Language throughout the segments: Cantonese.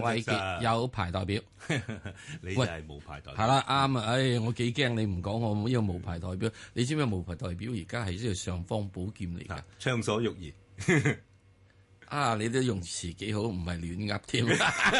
威傑有牌代表， 你就係、哎、 無牌代表。係啦，啱啊！唉，我幾驚你唔講我，呢個無牌代表。你知唔知無牌代表而家係呢個尚方寶劍嚟㗎，暢 所欲言。 啊！你啲用詞幾好，唔係亂噏添。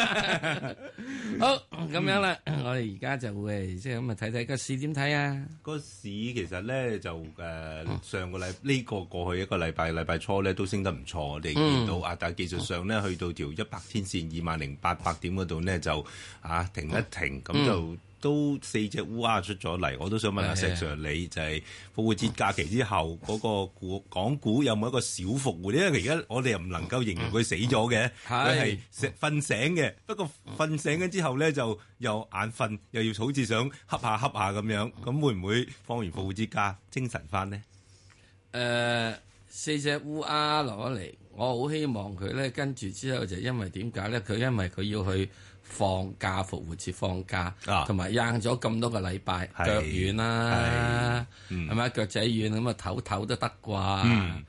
好咁樣啦，嗯，我哋而家就會，即係咁啊，睇睇個市點睇啊？個市其實咧就誒、呃嗯，上個禮呢、這個過去一個禮拜，禮拜初咧都升得唔錯，我哋見到、嗯技術上呢到嗯、呢啊，但係技術上咧去到條一百天綫二萬零八百點嗰度咧就啊停一停，咁、嗯、就。嗯都四隻烏鴉出咗嚟，我都想問下石 Sir，你就係復活節假期之後嗰個股港股有冇一個小復活咧？因為而家我哋又唔能夠形容佢死咗嘅，佢係瞓醒嘅。不過瞓醒咗之後咧，就又眼瞓，又要好似想恰下恰下咁樣。咁會唔會放完復活節假精神翻呢？誒、呃，四隻烏鴉落咗嚟，我好希望佢咧跟住之後就因為點解咧？佢因為佢要去。放假復活節放假，同埋掗咗咁多個禮拜腳軟啦、啊，係咪、嗯、腳仔軟咁啊？唞唞都得啩。咁、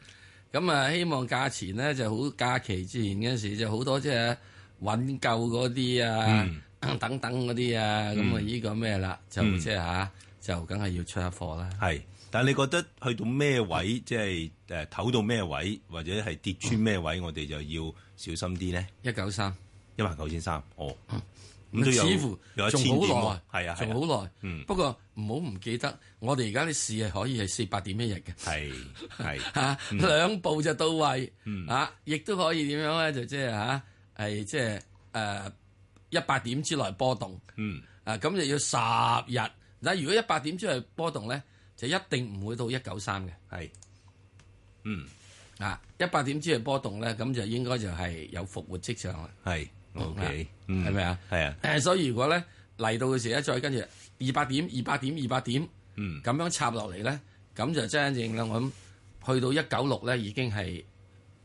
嗯、啊，希望價錢咧就好假期之前嗰時就好多即係揾夠嗰啲啊，嗯、等等嗰啲啊，咁啊呢個咩啦，就即係吓，就梗係、啊、要出下貨啦。係，但係你覺得去到咩位，即係誒唞到咩位，或者係跌穿咩位，嗯、我哋就要小心啲呢。一九三。一萬九千三，哦，咁、嗯、似乎仲好耐，係啊，仲好耐。不過唔好唔記得，我哋而家啲市係可以係四百點一日嘅，係係吓兩步就到位，嗯，亦、啊、都可以點樣咧？就即係吓係即係誒一百點之內波動，嗯，啊咁就要十日。嗱，如果一百點之內波動咧，就一定唔會到一九三嘅，係，嗯，啊一百點之內波動咧，咁就應該就係有復活跡象啦，係。O.K.，係、嗯、咪啊？係、呃、啊。所以如果咧嚟到嘅時候咧，再跟住二百點、二百點、二百點，嗯，咁樣插落嚟咧，咁就真正咁我諗去到一九六咧，已經係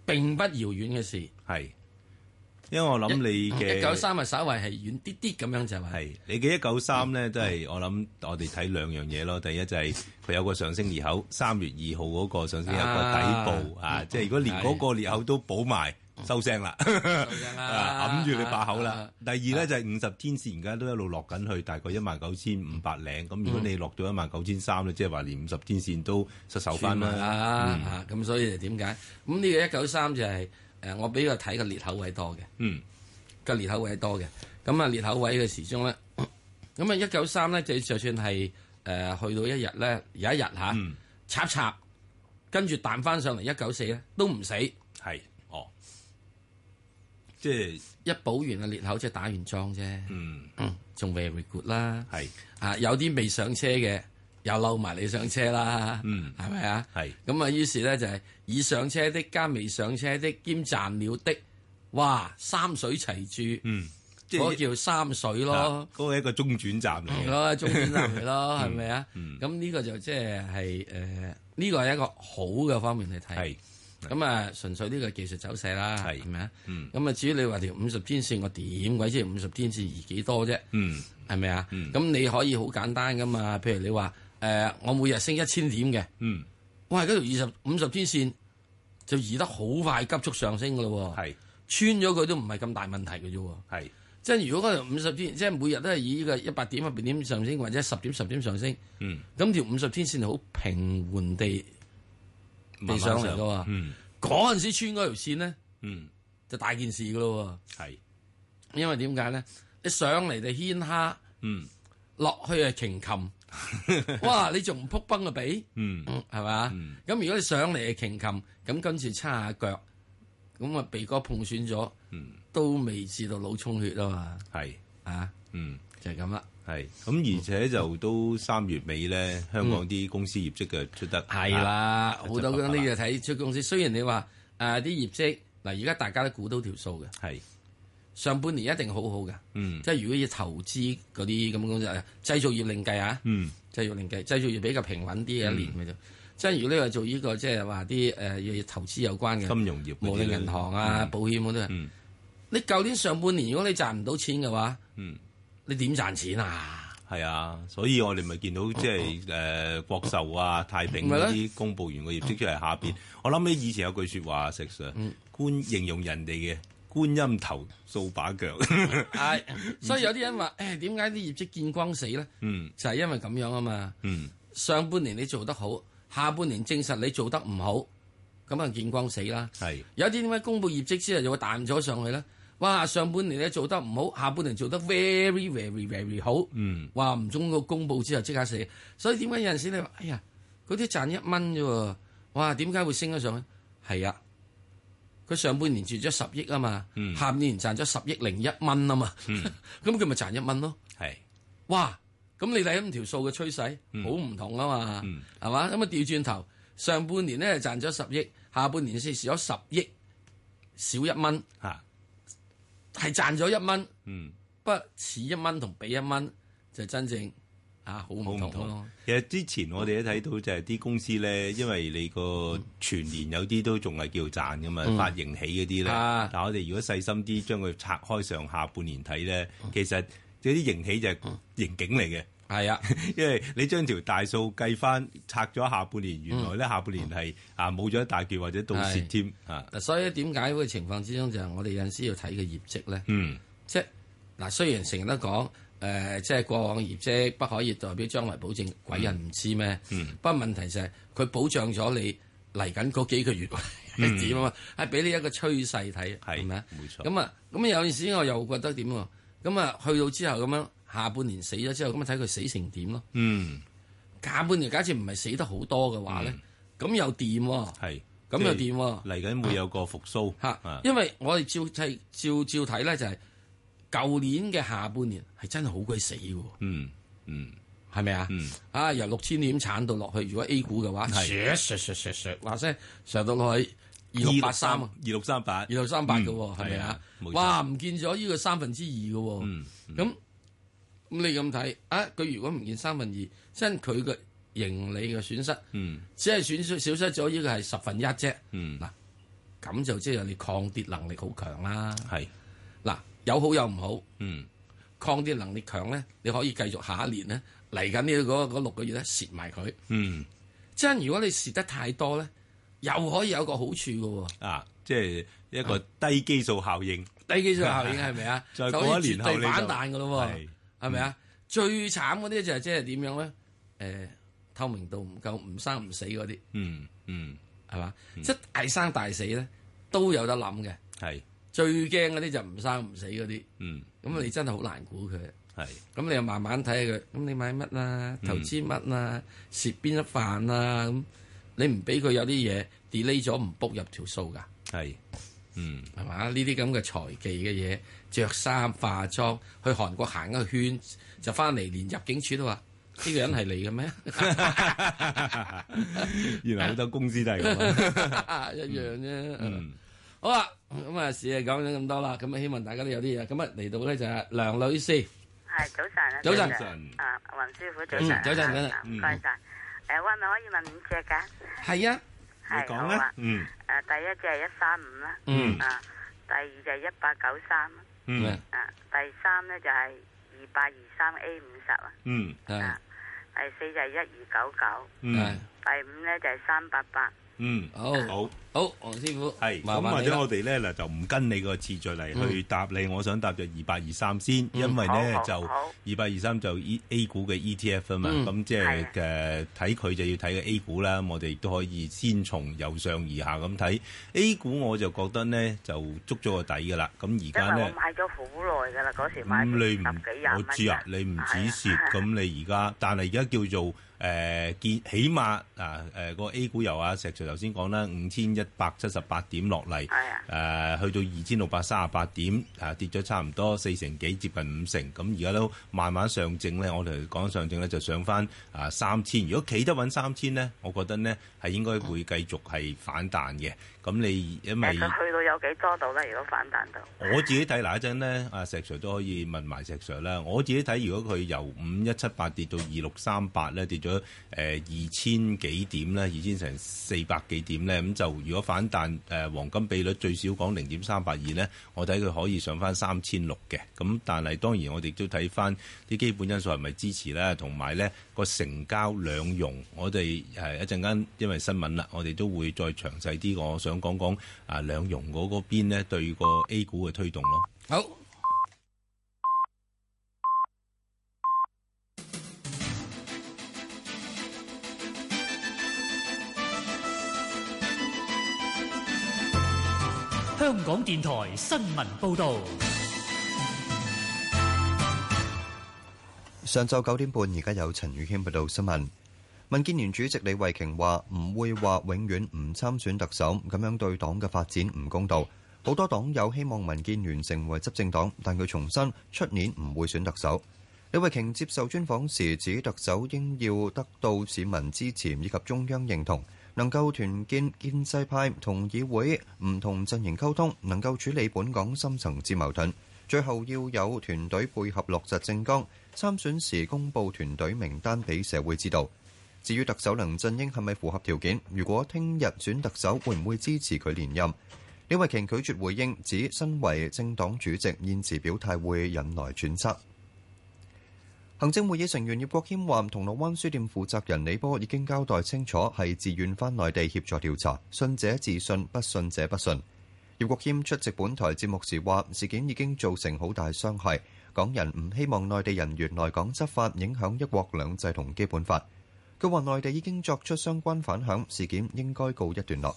並不遙遠嘅事。係，因為我諗你嘅一九三係稍微係遠啲啲咁樣就係、是。係，你嘅一九三咧都係我諗我哋睇兩樣嘢咯。第一就係佢有個上升裂口，三月二號嗰個上升一個底部啊，啊嗯、即係如果連嗰個裂口都補埋。收聲啦，揞住、 啊啊啊、你把口啦、啊啊。第二咧、啊、就係五十天綫而家都一路落緊去，大概一萬九千五百零。咁如果你落到一萬九千三咧，即係話連五十天綫都失守翻啦。咁、嗯啊啊啊、所以點解咁呢個一九三就係、是、誒、呃，我比較睇個看的裂口位多嘅。嗯，個裂口位多嘅。咁啊裂口位嘅時鐘咧，咁啊一九三咧就就算係誒、呃、去到一日咧有一日吓、啊嗯，插插跟住彈翻上嚟一九四咧都唔死係。即係一補完嘅裂口，即係打完樁啫。嗯嗯，仲 very good 啦。係啊，有啲未上車嘅又漏埋你上車啦。嗯，係咪啊？係咁啊，於是咧就係、是、已上車的加未上車的兼賺了的，哇！三水齊住，嗯，即係、那個、叫三水咯。嗰、啊那個一個中轉站嚟嘅。係咯，中轉站嚟咯，係咪啊？咁呢、 嗯嗯、個就即係係誒，呢、呃這個係一個好嘅方面嚟睇。係。咁啊，純粹呢個技術走勢啦，係咪啊？咁啊，嗯、至於你話條五十天線個點鬼啫，五十天線移幾多啫？係咪啊？咁、嗯、你可以好簡單噶嘛，譬如你話、呃、我每日升一千點嘅、嗯，哇！嗰條二十五十天線就移得好快，急速上升噶咯喎，穿咗佢都唔係咁大問題嘅啫喎，即係如果嗰條五十天，即係每日都係以呢個一百點、一百點上升，或者十點、十點上升，咁、嗯、條五十天線好平緩地，未上嚟嘅嘛，嗰陣、嗯、時穿嗰條線咧、嗯，就大件事㗎咯。係，因為點解咧？你上嚟就牽、嗯、蝦，落去啊擎琴。 哇！你仲唔撲崩個鼻，係咪啊？咁如果你上嚟啊擎琴，咁今次叉下腳，咁啊鼻哥碰損咗、嗯，都未至到腦充血啊嘛。係啊，嗯，就係咁啦。係，咁而且就都三月尾咧、嗯，香港啲公司業績就出得係、嗯啊、啦，好多人都要睇出公司。雖然你話誒啲業績，嗱而家大家都估到條數嘅。係上半年一定好好嘅，嗯，即係如果要投資嗰啲咁嘅公司，製造業另計啊，嗯，製造業另計製造業比較平穩啲嘅、嗯、一年嘅啫。即係如果你話做呢、這個即係話啲誒投資有關嘅金融業、無論銀行啊、嗯、保險嗰啲嗯，你舊年上半年如果你賺唔到錢嘅話，嗯。你點賺錢啊？係啊，所以我哋咪見到即係誒國壽啊、太平嗰啲公佈完個業績出嚟，下邊我諗起以前有句說話，石 Sir 觀、嗯、形容人哋嘅觀音頭掃把腳。係，所以有啲人話誒，點解啲業績見光死咧？嗯，就係、是、因為咁樣啊嘛。嗯，上半年你做得好，下半年證實你做得唔好，咁啊見光死啦。係，有啲點解公佈業績之後就會彈咗上去咧？哇！上半年咧做得唔好，下半年做得 very very very 好。嗯，哇！唔中個公布之後即刻死，所以點解有陣時你話哎呀，嗰啲賺一蚊啫？哇！點解會升得上去？係啊，佢上半年賺咗十億啊嘛、嗯，下半年賺咗十億零一蚊啊嘛，咁佢咪賺一蚊咯？係哇！咁你睇咁條數嘅趨勢好唔同啊嘛，係、嗯、嘛？咁啊調轉頭，上半年咧賺咗十億，下半年先蝕咗十億少一蚊吓。係賺咗一蚊，嗯，不似一蚊同俾一蚊就真正啊好唔同咯。其實之前我哋都睇到就係啲公司咧，因為你個全年有啲都仲係叫賺㗎嘛、嗯，發盈喜嗰啲咧。但我哋如果細心啲將佢拆開上下半年睇咧，其實嗰啲盈喜就盈警嚟嘅。係啊， 因為你將條大數計翻拆咗下半年。原來咧，下半年係啊冇咗一大段、嗯、或者倒蝕添啊。所以點解個情況之中就係我哋有陣時要睇嘅業績咧？嗯，即係嗱，雖然成日都講誒，即係過往業績不可以代表將來保證，鬼人唔知咩？嗯，不、嗯、過，問題就係佢保障咗你嚟緊嗰幾個月係點、嗯、 啊嘛，係俾你一個趨勢睇係咪？冇錯。咁啊，咁有陣時我又覺得點啊？咁啊，去到之後咁樣。下半年死咗之後，咁咪睇佢死成點咯。嗯，下半年假設唔係死得好多嘅話咧，咁、嗯、又掂喎、啊，係，咁又掂喎、啊。嚟緊、就是、會有個復蘇吓，因為我哋照睇，照照睇咧就係、是、舊年嘅下半年係真係好鬼死嘅。嗯嗯，係咪啊？嗯、啊由六千點鏟到落去，如果 A 股嘅話，上上上話聲上到落去二六八三，二六三八，二六三八嘅係咪啊，啊？哇，唔見咗呢個三分之二嘅，嗯，咁、嗯。嗯咁你咁睇啊？佢如果唔見三分二，即係佢嘅盈利嘅損失，嗯、只係損失少失咗呢個係十分一啫。嗱、嗯，咁、啊、就即係你抗跌能力好強啦、啊。係嗱、啊，有好有唔好、嗯。抗跌能力強咧，你可以繼續下一年咧嚟緊呢嗰六個月咧蝕埋佢。即係如果你蝕得太多咧，又可以有個好處㗎喎、啊。啊，即係一個低基數效應。啊、低基數效應係咪啊？ 就嗰年後呢就。係咪啊？最慘嗰啲就係即係點樣咧？誒、呃，透明度唔夠，唔生唔死嗰啲。嗯嗯，係嘛、嗯？即係大生大死咧，都有得諗嘅。係最驚嗰啲就唔生唔死嗰啲。嗯，咁你真係好難估佢。係、嗯，咁你又慢慢睇下佢。咁你買乜啊？投資乜啊？蝕、嗯、邊一飯啊？咁你唔俾佢有啲嘢 delay 咗，唔 book 入條數噶。係。.嗯，係嘛？呢啲咁嘅財技嘅嘢，着衫化妝去韓國行一個圈，就翻嚟連入境處都話呢個人係你嘅咩？原來好多公司都係咁，一樣啫。嗯，好啦，咁啊，事啊講咗咁多啦，咁啊，希望大家都有啲嘢。咁啊，嚟到咧就係梁女士，係早晨，早晨，啊，黃師傅，早晨，早晨，早晨，唔該曬。誒，喂咪可以問五隻㗎？係啊。係講咧，嗯，誒，啊，第一隻係一三五啦，嗯，啊，第二就係一八九三，嗯，啊，第三咧就係二八二三 A 五十啊，嗯，嗯，第四就係一二九九，嗯，第五咧就係三八八。嗯，好好好，黃師傅，係咁，或者我哋咧嗱就唔跟你個次序嚟去答你，嗯、我想答就二八二三先、嗯，因為咧就二八二三就 E A 股嘅 ETF 啊嘛，咁、嗯、即係誒睇佢就要睇個 A 股啦，我哋都可以先從由上而下咁睇 A 股，我就覺得咧就捉咗個底噶啦，咁而家咧買咗好耐噶啦，嗰時買幾十幾廿蚊，係啊，你唔止蝕，咁、啊、你而家，但係而家叫做。誒見起碼啊誒個 A 股由啊石 Sir 頭先講啦，五千一百七十八點落嚟，誒去到二千六百三十八點，啊跌咗差唔多四成幾，接近五成。咁而家都慢慢上證咧，我哋講上證咧就上翻啊三千。如果企得穩三千咧，我覺得呢係應該會繼續係反彈嘅。咁、嗯、你因為去到有幾多度咧？如果反彈到我自己睇嗱一陣呢，阿石 Sir 都可以問埋石 Sir 啦。我自己睇如果佢由五一七八跌到二六三八咧，跌咗。誒，二千幾點啦？二千成四百幾點咧？咁就如果反彈，誒，黃金比率最少講零點三八二咧，我睇佢可以上翻三千六嘅。咁但係當然我哋都睇翻啲基本因素係咪支持啦，同埋咧個成交兩融，我哋誒一陣間因為新聞啦，我哋都會再詳細啲，我想講講啊兩融嗰個邊呢對個 A 股嘅推動咯。好。香港電台新聞報道：上晝九點半，而家有陳宇謙報道新聞。民建聯主席李慧瓊話：唔會話永遠唔參選特首，咁樣對黨嘅發展唔公道。好多黨友希望民建聯成為執政黨，但佢重申出年唔會選特首。李慧瓊接受專訪時指，特首應要得到市民支持以及中央認同。能夠團建建制派同議會唔同陣營溝通，能夠處理本港深層次矛盾。最後要有團隊配合落實政綱，參選時公布團隊名單俾社會知道。至於特首梁振英係咪符合條件？如果聽日選特首，會唔會支持佢連任？李慧瓊拒絕回應指，指身為政黨主席，現時表態會引來揣測。行政會議成員葉國謙話，銅鑼灣書店負責人李波已經交代清楚，係自願返內地協助調查。信者自信，不信者不信。葉國謙出席本台節目時話，事件已經造成好大傷害，港人唔希望內地人員來港執法，影響一國兩制同基本法。佢話，內地已經作出相關反響，事件應該告一段落。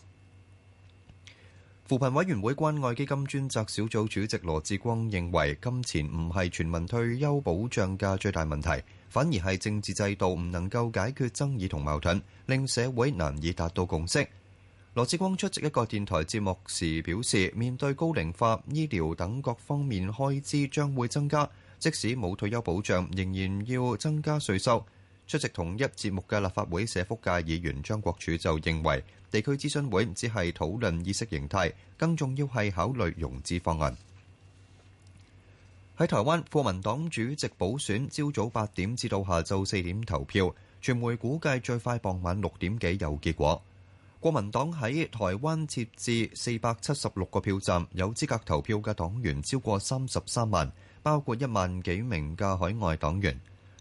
扶貧委員會關愛基金專責小組主席羅志光認為，金錢唔係全民退休保障嘅最大問題，反而係政治制度唔能夠解決爭議同矛盾，令社會難以達到共識。羅志光出席一個電台節目時表示，面對高齡化、醫療等各方面開支將會增加，即使冇退休保障，仍然要增加稅收。出席同一節目嘅立法會社福界議員張國柱就認為，地區諮詢會只係討論意識形態，更重要係考慮融資方案。喺台灣，國民黨主席補選朝早八點至到下晝四點投票，傳媒估計最快傍晚六點幾有結果。國民黨喺台灣設置四百七十六個票站，有資格投票嘅黨員超過三十三萬，包括一萬幾名嘅海外黨員。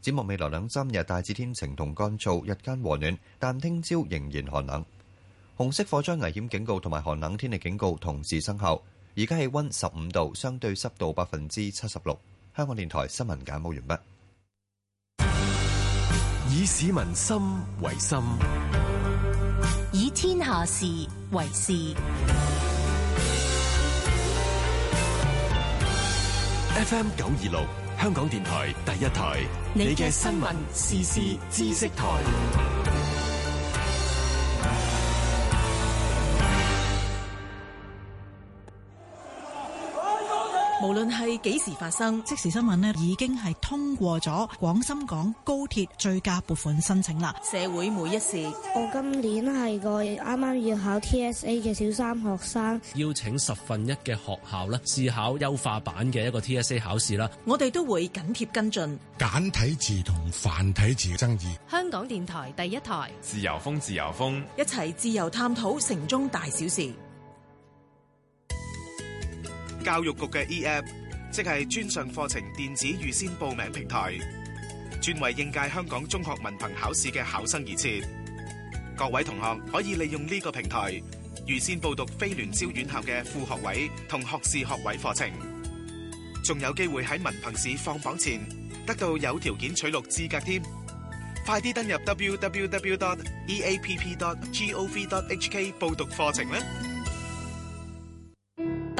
展望未來兩三日大致天晴同乾燥，日間和暖，但聽朝仍然寒冷。紅色火災危險警告同埋寒冷天氣警告同時生效。而家氣溫十五度，相對濕度百分之七十六。香港電台新聞簡報完畢。以市民心為心，以天下事為事。F. M. 九二六。香港電台第一台，你嘅新聞時事知識台。無論係幾時發生，即時新聞已經係通過咗廣深港高鐵最佳撥款申請啦。社會每一事，我今年係個啱啱要考 TSA 嘅小三學生，邀請十分一嘅學校啦，試考優化版嘅一個 TSA 考試啦。我哋都會緊貼跟進簡體字同繁體字嘅爭議。香港電台第一台，自由風，自由風，一齊自由探討城中大小事。教育局嘅 eApp 即係專上課程電子預先報名平台，專為應屆香港中學文憑考試嘅考生而設。各位同學可以利用呢個平台預先報讀非聯招院校嘅副學位同學士學位課程，仲有機會喺文憑試放榜前得到有條件取錄資格添。快啲登入 www.eapp.gov.hk 報讀課程啦。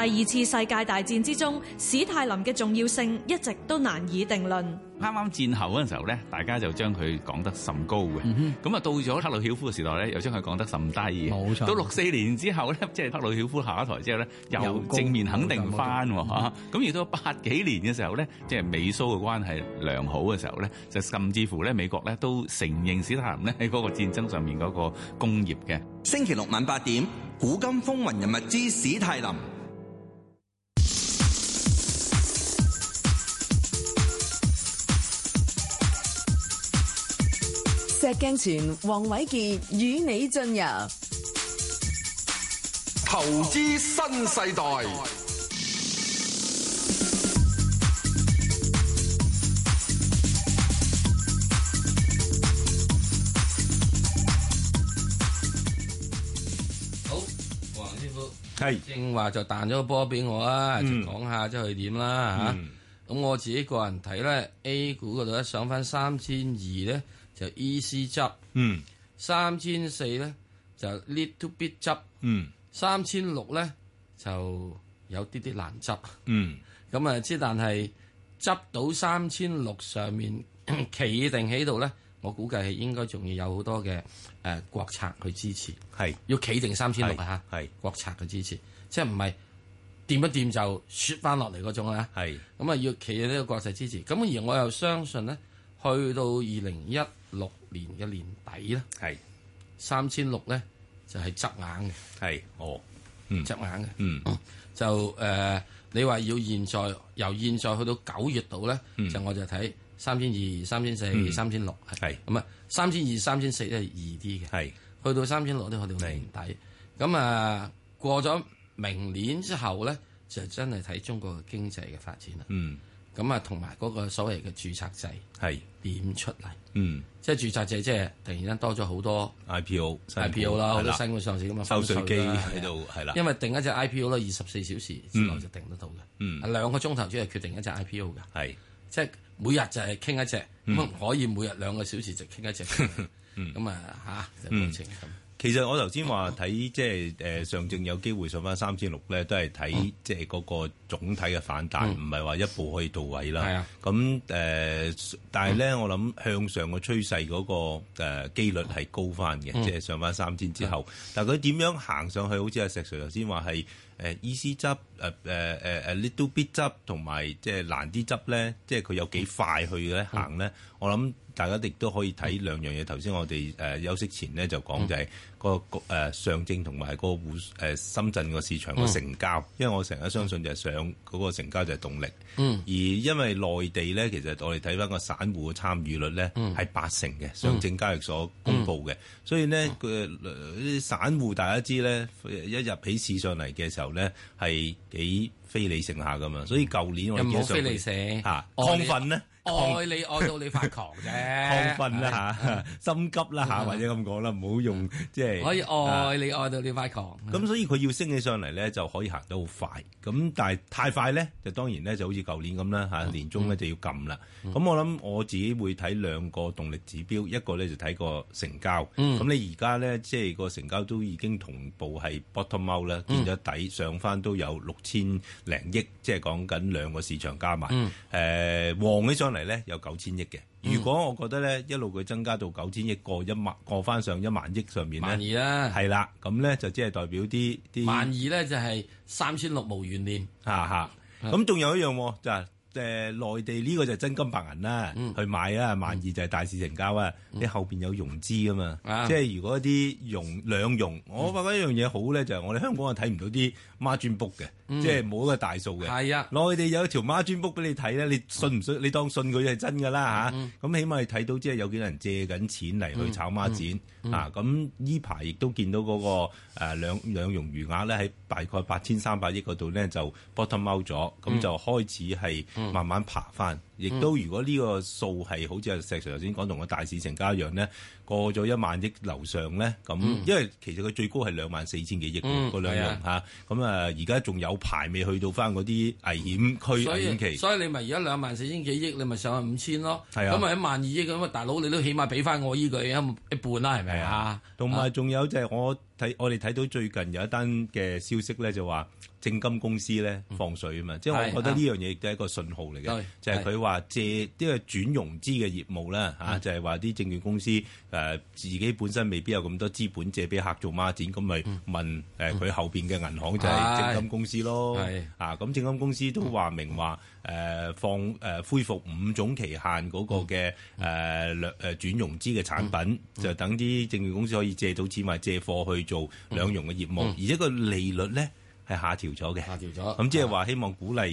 第二次世界大戰之中，史泰林嘅重要性一直都難以定論，啱啱戰後嗰陣時候咧，大家就將佢講得甚高嘅。咁、嗯、啊，到咗克魯曉夫嘅時代咧，又將佢講得甚低。冇錯。到六四年之後咧，即係克魯曉夫下一台之後咧，又正面肯定翻嚇。咁而到八幾年嘅時候咧，即係美蘇嘅關係良好嘅時候咧，就甚至乎咧，美國咧都承認史泰林咧喺嗰個戰爭上面嗰個功業嘅。星期六晚八點，《古今風雲人物之史泰林》。石鏡泉，黃瑋傑與你進入投資新世代。好，黃師傅係正話就彈咗個波俾我啊，講下即係點啦吓。咁、嗯、我自己個人睇咧，A 股嗰度咧上翻三千二咧。就 ec 執嗯三千四咧就 little bit 執嗯三千六咧就有啲啲難執，咁啊即但係執到三千六上面企 定喺度咧，我估計係應該仲要有好多嘅誒國策去支持，要企定三千六啊，國策去支持，即係唔係掂一掂就説翻落嚟嗰種啊，咁啊要企喺呢個國策支持，咁而我又相信咧。去到二零一六年嘅年底咧，係三千六咧就係執硬嘅。係哦，嗯，執硬嘅。嗯，就誒、呃，你話要現在由現在去到九月度咧、嗯，就我就睇三千二、三千四、三千六。係咁啊，三千二、三千四都係易啲嘅。係去到三千六都去到年底。咁啊，過咗明年之後咧，就真係睇中國嘅經濟嘅發展啦。嗯。咁啊，同埋嗰個所謂嘅註冊制，係點出嚟？嗯，即係註冊制，即係突然間多咗好多 IPO、IPO 啦，好多新嘅上市咁收稅機喺度係啦。因為定一隻 IPO 咧，二十四小時之內就定得到嘅、嗯。嗯，兩個鐘頭之係決定一隻 IPO 嘅。係，即係每日就係傾一隻，嗯、可以每日兩個小時就傾一隻。嗯，咁、 嗯、啊吓，就冇情其實我頭先話睇即係誒、呃、上證有機會上翻三千六咧，都係睇即係嗰、那個總體嘅反彈，唔係話一步可以到位、嗯、啦。咁、嗯、誒，但係咧、嗯，我諗向上趨勢、那個趨勢嗰個誒機率係高翻嘅、嗯，即係上翻三千之後。但係佢點樣行上去？好似阿石 Sir 頭先話係誒 easy 汁誒 little bit 汁同埋即係難啲汁咧，即係佢有幾快去咧、嗯、行咧？嗯我諗大家亦都可以睇兩樣嘢，頭先我哋誒休息前咧就講就係個誒上證同埋個互誒深圳個市場個成交、嗯，因為我成日相信就係上嗰、嗰個成交就係動力。嗯。而因為內地咧，其實我哋睇返個散戶嘅參與率咧，係、嗯、八成嘅上證交易所公布嘅、嗯嗯，所以咧佢散戶大家知咧，一入起市上嚟嘅時候咧係幾？非理性下噶嘛，所以舊年我哋非理性吓亢奮咧，愛你，愛，你愛到你發狂嘅，亢奮啦嚇、啊啊，心急啦嚇、啊，或者咁講啦，唔好用即係、就是、可以愛你、啊、愛到你發狂。咁所以佢要升起上嚟咧，就可以行得好快。咁但係太快咧，就當然咧就好似舊年咁啦嚇，年中咧就要撳啦。咁、嗯嗯、我諗我自己會睇兩個動力指標，嗯、一個咧就睇個成交。咁、嗯、你而家咧即係個成交都已經同步係 bottom out 啦，見咗底上返都有六千。零億即係講緊兩個市場加埋，誒、嗯呃、旺起上嚟咧有九千億嘅。如果我覺得咧一路佢增加到九千億，過一萬，過翻上一萬億上面呢，萬二啦，係啦，咁咧就即係代表啲啲萬二咧就係三千六毛懸念，嚇嚇。咁仲有一樣就是。誒內地呢、這個就係真金白銀啦、嗯，去買啊！萬二就係大市成交啊、嗯！你後面有融資噶嘛、嗯？即係如果啲融兩融、嗯，我覺得一樣嘢好咧，就係、是、我哋香港係睇唔到啲孖展 book 嘅，即係冇一個大數嘅。係啊！內地有一條孖展 book 俾你睇咧，你信唔信、嗯？你當信佢係真噶啦吓咁起碼你睇到即係有幾多人借緊錢嚟去炒孖展、嗯嗯嗯、啊！咁呢排亦都見到嗰、那個兩、呃、兩,兩融餘額咧，喺大概八千三百億嗰度咧就 bottom out 咗，咁、嗯、就開始係。嗯嗯、慢慢爬翻，亦都如果呢個數係好似阿石 Sir 頭先講同個大市成交一樣咧，過咗一萬億樓上咧，咁、嗯、因為其實佢最高係、嗯、兩萬四千幾億喎，嗰兩樣嚇，咁啊而家仲有排未去到翻嗰啲危險區危險期，所以，所以你咪而家兩萬四千幾億，你咪上五千咯，咁咪一萬二億咁啊大佬，你都起碼俾翻我依個一一半啦，係咪啊？同埋仲有就係我睇我哋睇到最近有一單嘅消息咧，就話。證金公司咧放水啊嘛，即、嗯、係我覺得呢樣嘢亦都係一個信號嚟嘅，就係佢話借因為轉融資嘅業務咧嚇，就係話啲證券公司誒自己本身未必有咁多資本借俾客做孖展，咁、嗯、咪問誒佢後邊嘅銀行、嗯、就係、是、證金公司咯，啊咁證金公司都話明話誒放誒恢復五種期限嗰個嘅誒兩誒轉融資嘅產品，嗯嗯嗯、就等啲證券公司可以借到錢或借貨去做兩融嘅業務，嗯嗯、而且個利率咧。係下調咗嘅，下調咗。咁即係話希望鼓勵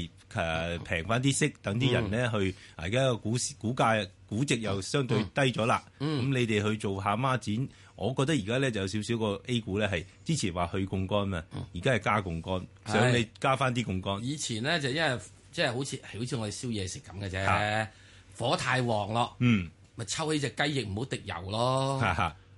平翻啲息，等啲人咧去。而家個股市股價估值又相對低咗啦。咁、嗯嗯、你哋去做下孖展，我覺得而家咧就有少少個 A 股咧係之前話去槓桿嘛，而家係加槓桿、嗯，想你加翻啲槓桿。以前咧就因為即係、就是、好似好似我燒嘢食咁嘅啫，火太旺咯，咪、嗯、抽起隻雞翼唔好滴油咯，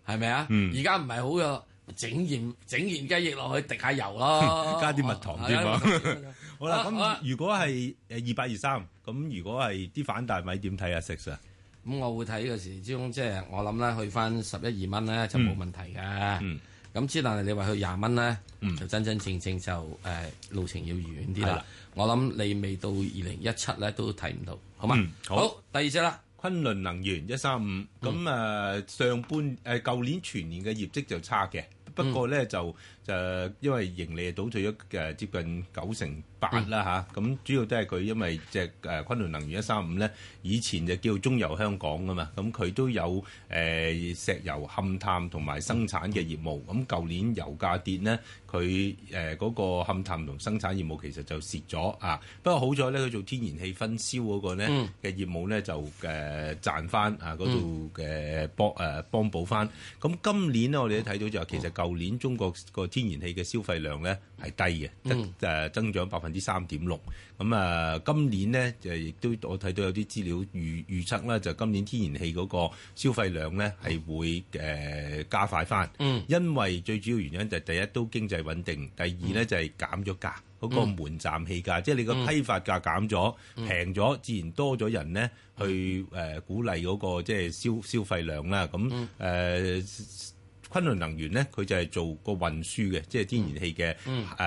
係咪啊？而家唔係好嘅。整完整完雞翼落去滴下油咯、啊嗯，加啲蜜糖添啊、嗯嗯！好啦，咁如果係誒二百二三，咁如果係啲反彈咪點睇啊？Six 啊！咁、嗯、我會睇嘅時，之中即係我諗啦，去翻十一二蚊咧就冇問題嘅。咁之但係你話去廿蚊咧，就真真正，正正就誒路程要遠啲啦。我諗你未到二零一七咧都睇唔到，好嘛、嗯？好，第二隻啦，昆侖能源一三五，咁、嗯、誒上半誒舊、啊、年全年嘅業績就差嘅。不過呢，咧就。誒，因為盈利倒退咗誒接近九成八啦吓，咁主要都係佢因為只、就、誒、是啊、昆崙能源一三五咧，以前就叫中油香港噶嘛，咁佢都有誒、呃、石油勘探同埋生產嘅業務，咁舊年油價跌咧，佢誒嗰個勘探同生產業務其實就蝕咗啊，不過好在咧佢做天然氣分銷嗰個咧嘅、嗯、業務咧就誒、呃、賺翻啊，嗰度嘅幫誒、嗯、幫補翻，咁今年咧我哋都睇到就話、是、其實舊年中國個天。天然氣嘅消費量咧係低嘅、嗯，增誒增長百分之三點六。咁啊、嗯，今年咧就亦都我睇到有啲資料預預測啦，就係、今年天然氣嗰個消費量咧係會誒、嗯呃、加快返。因為最主要原因就係、第一都經濟穩定，第二咧、嗯、就係減咗價，嗰、嗰個門站氣價、嗯，即係你個批發價減咗，平、嗯、咗，自然多咗人咧去誒鼓勵嗰個即係消消費量啦。咁、呃、誒。嗯呃昆崙能源咧，佢就係做個運輸嘅，即係天然氣嘅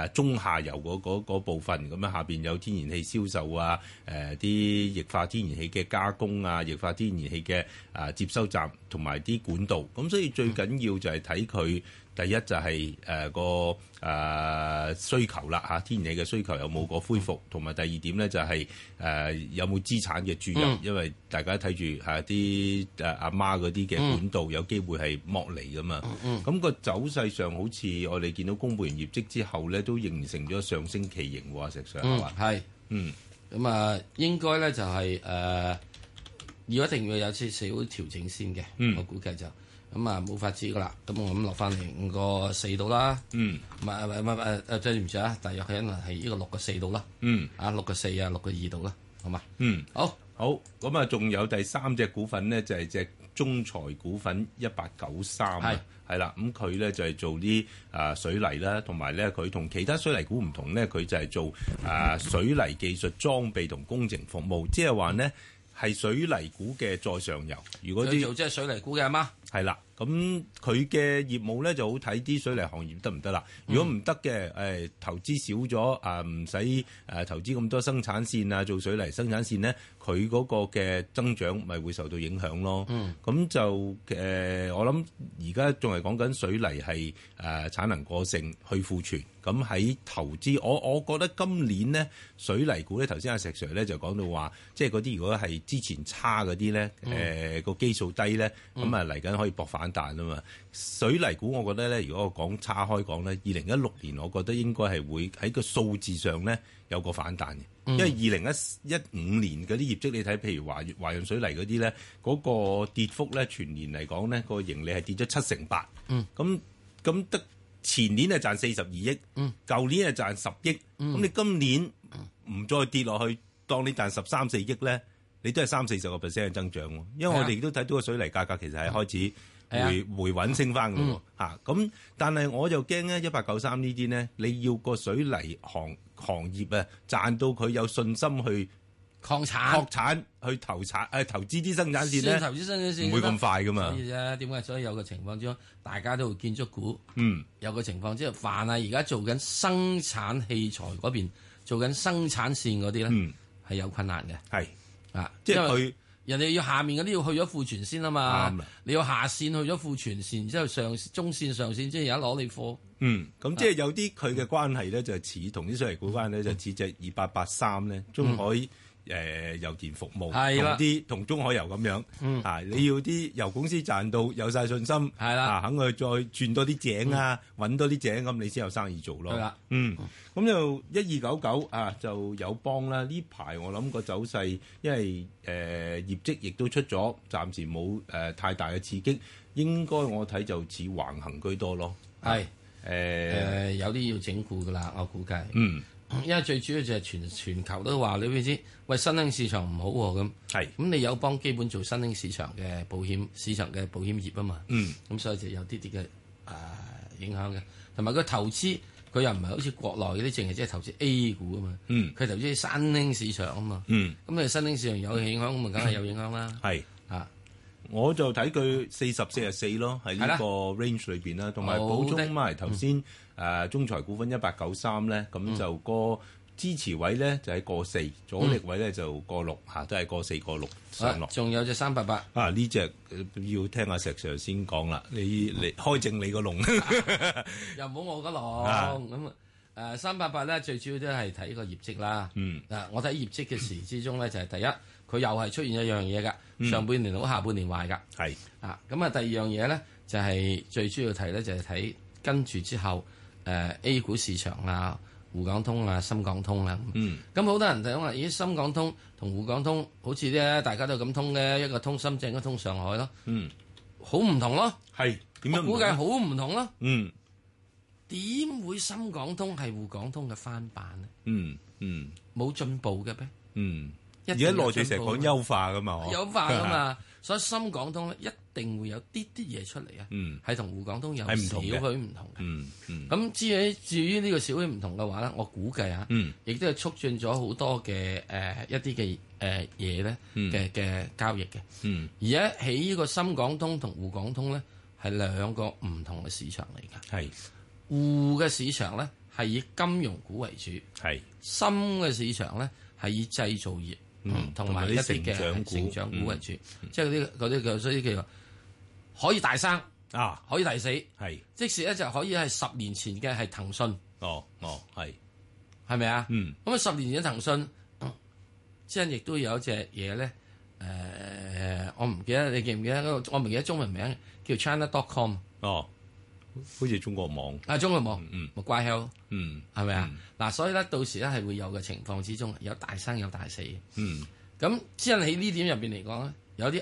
誒中下游嗰部分咁樣，下邊有天然氣銷售啊，誒啲液化天然氣嘅加工啊，液化天然氣嘅啊接收站同埋啲管道，咁所以最緊要就係睇佢。第一就係誒個誒需求啦嚇，天然氣嘅需求有冇個恢復，同埋第二點咧就係、是、誒、呃、有冇資產嘅注入、嗯，因為大家睇住嚇啲阿媽嗰啲嘅管道有機會係剝離噶嘛。咁、嗯嗯那個走勢上好似我哋見到公布完業績之後咧，都形成咗上升旗形喎，啊、石 Sir 嗯。嗯，係。嗯，咁啊，應該咧就係、是、誒、呃、要一定要有少少調整先嘅、嗯。我估計就。咁啊，冇法子噶啦。咁我諗落翻嚟五個四度啦。嗯，唔係唔係唔係，誒即係唔止啊，大約可能係呢個六個四度啦。嗯，啊六個四啊，六個二度啦，好嘛？嗯，好好咁啊，仲有第三隻股份呢就係、是、隻中材股份 193,、就是、一八九三，係係啦。咁佢咧就係做啲啊水泥啦，同埋咧佢同其他水泥股唔同咧，佢就係做啊水泥技術裝備同工程服務，即係話呢係水泥股嘅再上游。如果做即係水泥股嘅嘛係啦，咁佢嘅業務咧就好睇啲水泥行業得唔得啦？如果唔得嘅，誒投資少咗啊，唔使誒投資咁多生產線啊，做水泥生產線咧，佢嗰個嘅增長咪會受到影響咯。咁、嗯、就誒，我諗而家仲係講緊水泥係誒產能過剩去庫存，咁喺投資，我我覺得今年呢，水泥股咧，頭先阿石 Sir 咧就講到話，即係嗰啲如果係之前差嗰啲咧，誒個基數低咧，咁啊嚟緊。可以搏反彈啊嘛！水泥股，我覺得咧，如果我講叉開講咧，二零一六年，我覺得應該係會喺個數字上咧有個反彈嘅、嗯，因為二零一一五年嗰啲業績，你睇，譬如華華潤水泥嗰啲咧，嗰、嗰個跌幅咧，全年嚟講咧，個盈利係跌咗七成八。嗯。咁咁得前年係賺四十二億，嗯。舊年係賺十億，咁、嗯、你今年唔再跌落去，當你賺十三四億咧？你都係三四十個 percent 嘅增長，因為我哋都睇到個水泥價格其實係開始回、嗯回，嗯、回穩升翻噶吓。咁、嗯、但係我就驚咧，一八九三呢啲咧，你要個水泥行行業啊賺到佢有信心去擴產擴產，去投產誒投資啲生產線咧，投資生產線唔會咁快噶嘛。所以點解所以有個情況之，即係大家都會建築股嗯有個情況之，之係凡係而家做緊生產器材嗰邊做緊生產線嗰啲咧，嗯係有困難嘅係。啊！即係佢人哋要下面嗰啲要去咗庫存先啊嘛，你要下線去咗庫存線，然之後上中線上線，即係而家攞你貨。嗯，咁即係有啲佢嘅關係咧，嗯、係就似同啲水泥股關係呢，咧，就似隻二八八三咧，中海。嗯誒、呃、油田服務有啲同中海油咁樣，嗯啊，你要啲油公司賺到有晒信心，嚇、啊、肯去再轉多啲井啊，揾、嗯、多啲井咁，你先有生意做咯。嗯，咁就一二九九啊，就有幫啦。呢排我諗個走勢，因為誒、呃、業績亦都出咗，暫時冇、呃、太大嘅刺激，應該我睇就似橫行居多咯。係、啊呃呃、有啲要整固噶啦，我估計。嗯。因為最主要就係全全球都話你未知，喂，新興市場唔好咁、啊，咁你友邦基本做新興市場嘅保險市場嘅保險業啊嘛，咁、嗯、所以就有啲啲嘅誒影響嘅，同埋佢投資佢又唔係好似國內嗰啲，淨係即係投資 A 股啊嘛，佢、嗯、投資新興市場啊嘛，咁、嗯、你新興市場有影響，咁咪梗係有影響啦。係啊，我就睇佢四十四十四咯，喺呢個 range 裏邊啦，同埋補充埋頭先。嗯誒中財股份一八九三咧，咁就個支持位咧就喺個四，阻力位咧就、嗯嗯、個六都係個四個六上落，仲有隻三八八啊！呢、這、隻、個、要聽阿石 sir 先講啦，你你、嗯、開正你個龍，嗯、 又唔好我個龍，咁三八八咧，啊、最主要都係睇個業績啦。嗱、嗯，我睇業績嘅時之中咧就係、是、第一，佢又係出現一樣嘢㗎，上半年好，下半年壞㗎。啊，咁啊第二樣嘢咧就係、是、最主要睇咧就係睇、就是、跟住之後。誒、呃、A 股市場啊，滬港通啊，深港通啦。嗯。咁好多人就講話，咦，深港通同滬港通好似咧，大家都咁通嘅，一個通深圳，一個通上海咯。嗯。好唔同咯。係。點樣？我估計好唔同咯。嗯。點會深港通係滬港通嘅翻版咧？嗯嗯。冇進步嘅咩？嗯。嗯而家內地成日講優化㗎嘛，嗬？優化㗎嘛，是是，所以深港通咧一定會有啲啲嘢出嚟啊、嗯，係同滬港通有少許唔同嘅。咁、嗯嗯、至於至於呢個少許唔同嘅話咧，我估計啊，嗯、亦都係促進咗好多嘅誒、呃、一啲嘅誒嘢咧嘅嘅交易嘅、嗯。而家喺呢個深港通同滬港通咧係兩個唔同嘅市場嚟㗎。係滬嘅市場咧係以金融股為主，係深嘅市場咧係以製造業。嗯，同埋一啲嘅成長股，嗯、成長股為主、嗯嗯，即係嗰啲叫，所以叫，話可以大生啊，可以大死，係，即使咧就可以係十年前嘅係騰訊，哦哦，係，係咪啊？嗯，咁啊，十年前嘅騰訊，即、嗯、係亦都有一隻嘢咧，誒、呃，我唔記，記得你記唔記得嗰個我唔記得中文名叫 China.com，哦。好似中國網啊，中國網，咪怪巧，係咪、嗯嗯、啊？嗱，所以咧，到時咧係會有嘅情況之中，有大生有大死。嗯，咁即係喺呢點入邊嚟講咧，有啲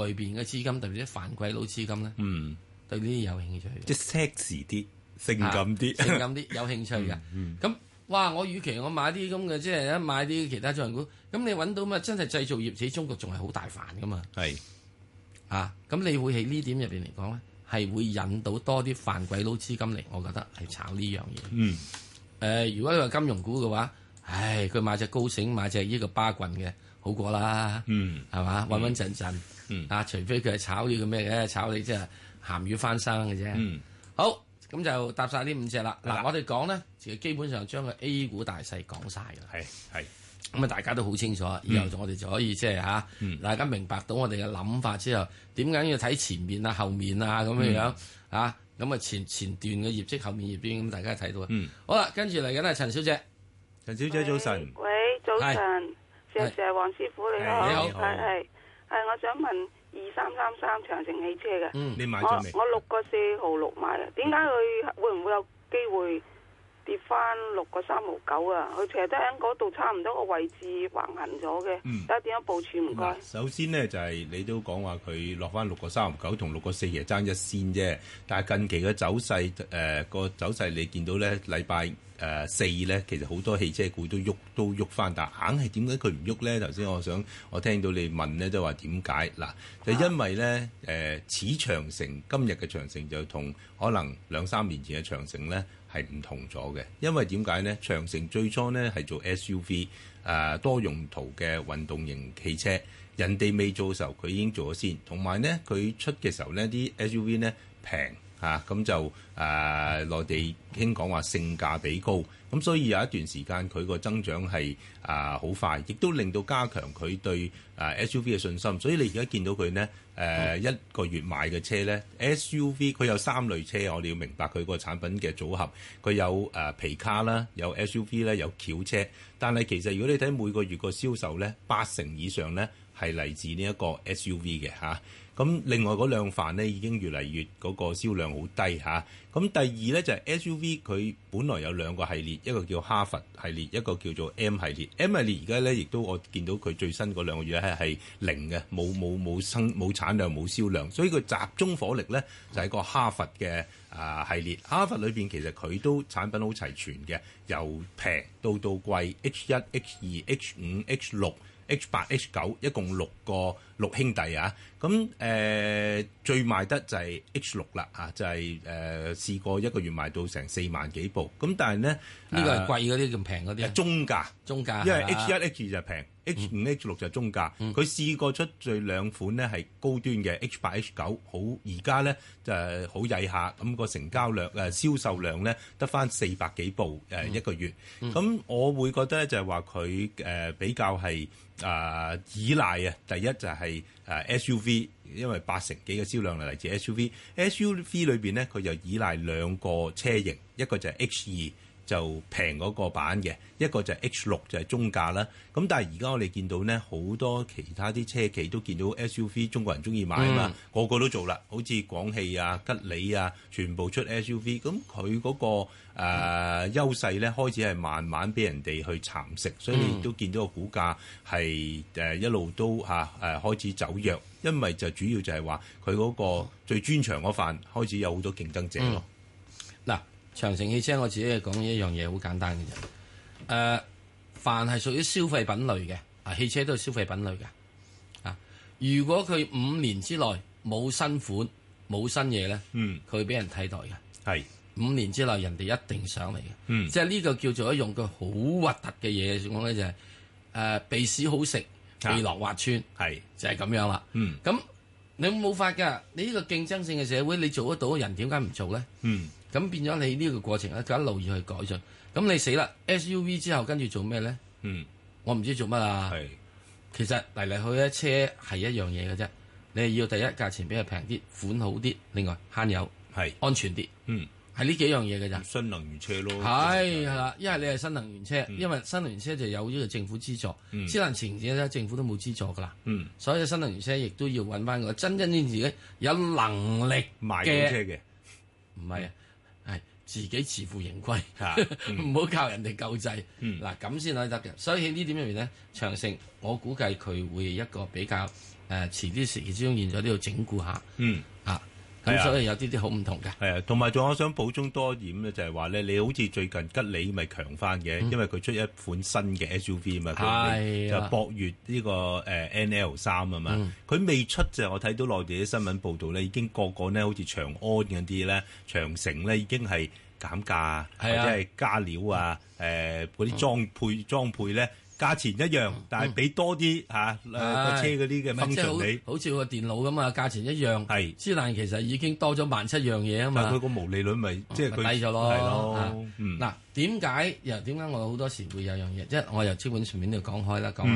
外邊嘅資金，特別啲番鬼佬資金咧，嗯，對呢啲有興趣，即係 sexy 啲、性感啲、啊、性感啲有興趣嘅。咁、嗯嗯、哇，我與其我買啲咁嘅，即係一買啲其他中國股，咁你揾到咪真係製造業似中國仲係好大範噶嘛？係，啊，咁你會喺呢點入邊嚟講咧？係會引到多啲番鬼佬資金嚟，我覺得係炒呢樣嘢。嗯，呃，如果佢係金融股嘅話，唉，佢買隻高盛，買隻依個巴郡嘅，好過啦。嗯，係嘛，穩穩陣陣。嗯，啊，除非佢係炒呢個咩嘅，炒你即係鹹魚翻生嘅啫。嗯，好，咁就答晒呢五隻啦。嗱，我哋講咧，其實基本上將個 A 股大細講晒㗎啦。係係。咁啊，大家都好清楚，以後就我哋就可以即係嚇，大家明白到我哋嘅諗法之後，點解要睇前面啊、後面啊咁嘅樣啊？咁啊，前前段嘅業績，後面業績，咁大家睇到啊、嗯。好啦，跟住嚟緊係陳小姐。陳小姐早晨。喂，早晨。係。謝謝黃師傅你好。你好。係係係我想問二三三三長城汽車嘅、嗯。你買咗未？我六個四號六買嘅，點解佢會唔會有機會？跌翻六個三毫九啊！佢其實都喺嗰度差唔多個位置橫行咗嘅，而家點樣部署？唔該？首先呢，就係你都講話佢落翻六個三毫九同六個四其實爭一線啫。但係近期嘅走勢誒個走勢，呃、走勢你見到咧禮拜誒四咧，其實好多汽車股都喐都喐翻，但硬係點解佢唔喐咧？頭先我想我聽到你問咧都話點解？嗱、啊，就因為咧誒此長城今日嘅長城就同可能兩三年前嘅長城咧。係唔同咗嘅，因為點解呢？長城最初呢係做 SUV，誒、啊、多用途嘅運動型汽車。人哋未做嘅時候，佢已經做咗先。同埋呢，佢出嘅時候呢啲 SUV 咧平啊，咁就誒、啊、內地聽講話性價比高。咁所以有一段時間佢個增長係啊好快，亦都令到加強佢對誒 SUV 嘅信心。所以你而家見到佢呢。誒一個月買嘅車呢 SUV，佢有三類車，我哋要明白佢個產品嘅組合。佢有誒皮卡啦，有 SUV 咧，有轎車。但係其實如果你睇每個月個銷售呢，八成以上呢係嚟自呢一個 SUV 嘅吓咁另外嗰兩飯呢，那個、已經越嚟越嗰、那個銷量好低吓，咁第二呢，就係 SUV 佢本來有兩個系列，一個叫哈弗系列，一個叫做 M 系列。M 系列而家呢，亦都我見到佢最新嗰兩個月呢係零嘅，冇冇冇生冇產量冇銷量，所以佢集中火力呢，就係、是、個哈弗嘅啊、呃、系列。哈弗裏面其實佢都產品好齊全嘅，由平到到貴，H 一、H 二、H 五、H 六。H 八、H 九一共六個六兄弟啊，咁、啊、誒最賣得就係 H 六啦就係、是、誒、啊、試過一個月賣到成四萬幾部，咁、啊、但係咧呢個係、啊、貴嗰啲，定平嗰啲中價，中價，因為 H 一、H 二就平、是。H 五、H 六就係中價，佢、嗯、試過出最兩款呢係高端嘅 H 八、H 九，好而家咧就係好曳下，咁、那個成交量誒、呃、銷售量咧得翻四百幾部誒一個月，咁、嗯、我會覺得就係話佢誒比較係啊、呃、依賴啊，第一就係誒 SUV，因為八成幾嘅銷量嚟自 SUV，SUV 裏邊咧佢就依賴兩個車型，一個就係 H 二。就平嗰個版嘅，一個就係 H 六就係中價啦。咁但係而家我哋見到呢，好多其他啲車企都見到 SUV 中國人中意買啊嘛，mm. 個個都做啦。好似廣汽啊、吉利啊，全部出 SUV 那、那個。咁佢嗰個誒優勢呢，開始係慢慢俾人哋去蠶食，所以你都見到個股價係一路都嚇誒、啊啊、開始走弱，因為就主要就係話佢嗰個最專長嗰範開始有好多競爭者咯。Mm. 長城汽車，我自己講一樣嘢，好簡單嘅啫。誒、呃，凡係屬於消費品類嘅，啊，汽車都係消費品類嘅。啊，如果佢五年之內冇新款冇新嘢咧，嗯，佢會俾人替代嘅。係五年之內，人哋一定上嚟嘅。嗯，即係呢個叫做一種個好核突嘅嘢，點講咧就係誒鼻屎好食，鼻窿挖穿，係、啊、就係、是、咁樣啦。嗯，咁你冇法㗎，你呢個競爭性嘅社會，你做得到嘅人點解唔做咧？嗯。咁變咗你呢個過程咧，就一路要去改進。咁你死啦！SUV 之後跟住做咩咧？嗯，我唔知做乜啊。係，其實嚟嚟去去咧，車係一樣嘢嘅啫。你係要第一價錢比較平啲，款好啲，另外慳油，係安全啲。嗯，係呢幾樣嘢嘅啫。新能源車咯，係係啦，因為你係新能源車、嗯，因為新能源車就有呢個政府資助，私家車嘅咧政府都冇資助噶啦。嗯，所以新能源車亦都要搵翻個真真正正有能力賣車嘅，唔係啊。嗯自己自負盈虧，唔、啊、好、嗯、 靠人哋救濟，嗱，咁先可以得嘅。所以點裡呢，點入面咧，長城我估計佢會一個比較誒、呃、遲啲時期之中，現在都要整固下，嗯啊。咁所以有啲啲好唔同嘅。係啊，同埋仲我想補充多一點咧，就係話咧，你好似最近吉利咪強翻嘅、嗯，因為佢出一款新嘅 SUV 啊嘛，哎、就博越呢個 NL 三啊嘛，佢、嗯、未出就我睇到內地啲新聞報道咧，已經個個咧好似長安嗰啲咧、長城咧已經係減價或者係加料啊，嗰、嗯、啲、呃、裝配、嗯、裝配咧。價錢一樣，但係俾多啲嚇、嗯啊、車個車嗰啲嘅分好似個電腦咁啊，價錢一樣。係，芝蘭其實已經多咗萬七樣嘢啊嘛。但佢個毛利率咪即係低咗咯，係咯。嗱點解又點解我好多時會有樣嘢？即、就、係、是、我由資本前面就講開啦，講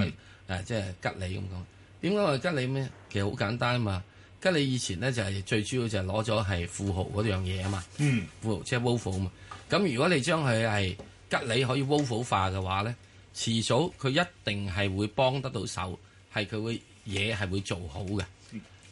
誒即係吉利咁講。點解我係吉利咩？其實好簡單啊嘛。吉利以前咧就係、是、最主要就係攞咗係富豪嗰樣嘢啊嘛。嗯，富豪即係、就是、Volvo 嘛。咁如果你將佢係吉利可以 Volvo 化嘅話咧？遲早佢一定係會幫得到手，係佢會嘢係會做好嘅。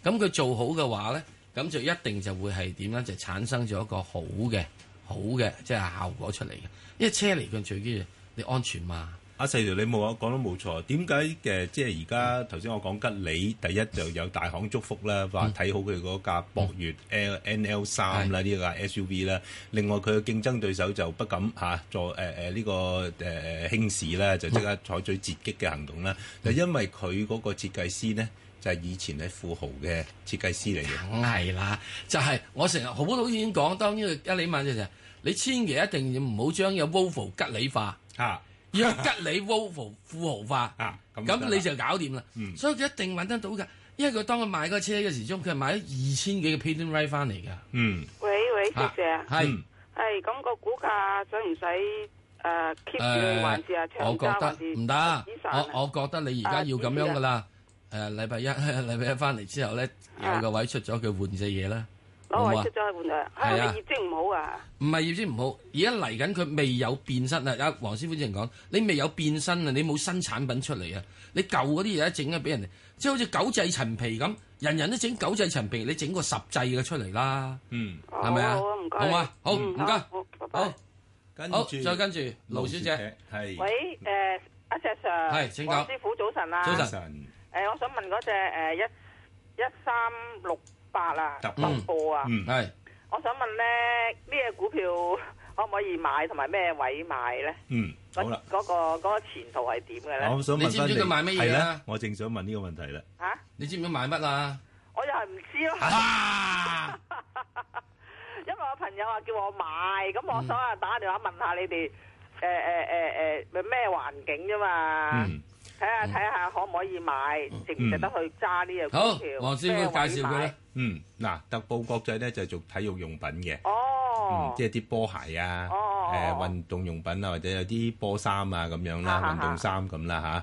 咁佢做好嘅話咧，咁就一定就會係點樣就是、產生咗一個好嘅好嘅即係效果出嚟嘅。因為車嚟佢最緊要你安全嘛。阿、啊、細條，你冇講都冇錯。點解嘅即係而家頭先我講吉利，第一就有大行祝福啦，話睇好佢嗰架博越 L N L 三啦呢個 S U V 啦。另外佢嘅競爭對手就不敢嚇、啊、做誒呢、呃這個誒誒、呃、輕視啦，就即刻採取截擊嘅行動啦、嗯。就因為佢嗰個設計師咧，就係、是、以前係富豪嘅設計師嚟嘅。梗係啦，就係、是、我成日好老講講，當個吉利萬就生，你千祈一定要唔好將有 Volvo 吉利化、啊要 吉你 Volvo 富豪化，咁、啊、你就搞掂啦、嗯。所以佢一定揾得到嘅，因為佢當佢買個車嘅時中，佢係買咗二千幾個 Piston Ring 翻嚟嘅。嗯，喂喂，謝謝，係係咁個股價想唔使誒 keep 住還是啊？我覺得唔得，我我覺得你而家要咁樣嘅啦。誒、啊，禮拜、呃、一禮拜一翻嚟之後咧、啊，有個位出咗，佢換隻嘢啦。冇啊！出咗去換藥，係啊！業績唔好啊！唔係業績唔好，而家嚟緊佢未有變身啊！有黃師傅之前講，你未有變身啊！你冇新產品出嚟啊！你舊嗰啲嘢一整啊，俾人哋即係好似九製陳皮咁，人人都整九製陳皮，你整個十製嘅出嚟啦。嗯，係咪啊？好啊，唔該。好啊，好唔該。好，跟住再跟住盧小姐。係。喂，誒，阿 Sir。係，請教。黃師傅早晨啊。早晨。誒，我想問嗰隻誒一一三六。八啦，特登播啊！嗯，係。我想問咧，呢隻股票可唔可以買，同埋咩位買咧？嗯，好啦，嗰個嗰個前途係點嘅咧？你知唔知佢買咩嘢咧？我正想問呢個問題啦。嚇？你知唔知買乜啊？我又係唔知咯。因為我朋友話叫我買，咁我想打電話問下你哋，誒誒誒誒咩環境啫嘛。嗯。睇下睇下可唔可以買，嗯、值唔值得去揸呢？好，黃師傅介紹佢咧？嗯，嗱，特步國際咧就做體育用品嘅，哦，即係啲波鞋啊，誒、哦呃哦、運動用品啊，或者有啲波衫啊咁樣啦，運動衫咁啦吓，咁、啊啊啊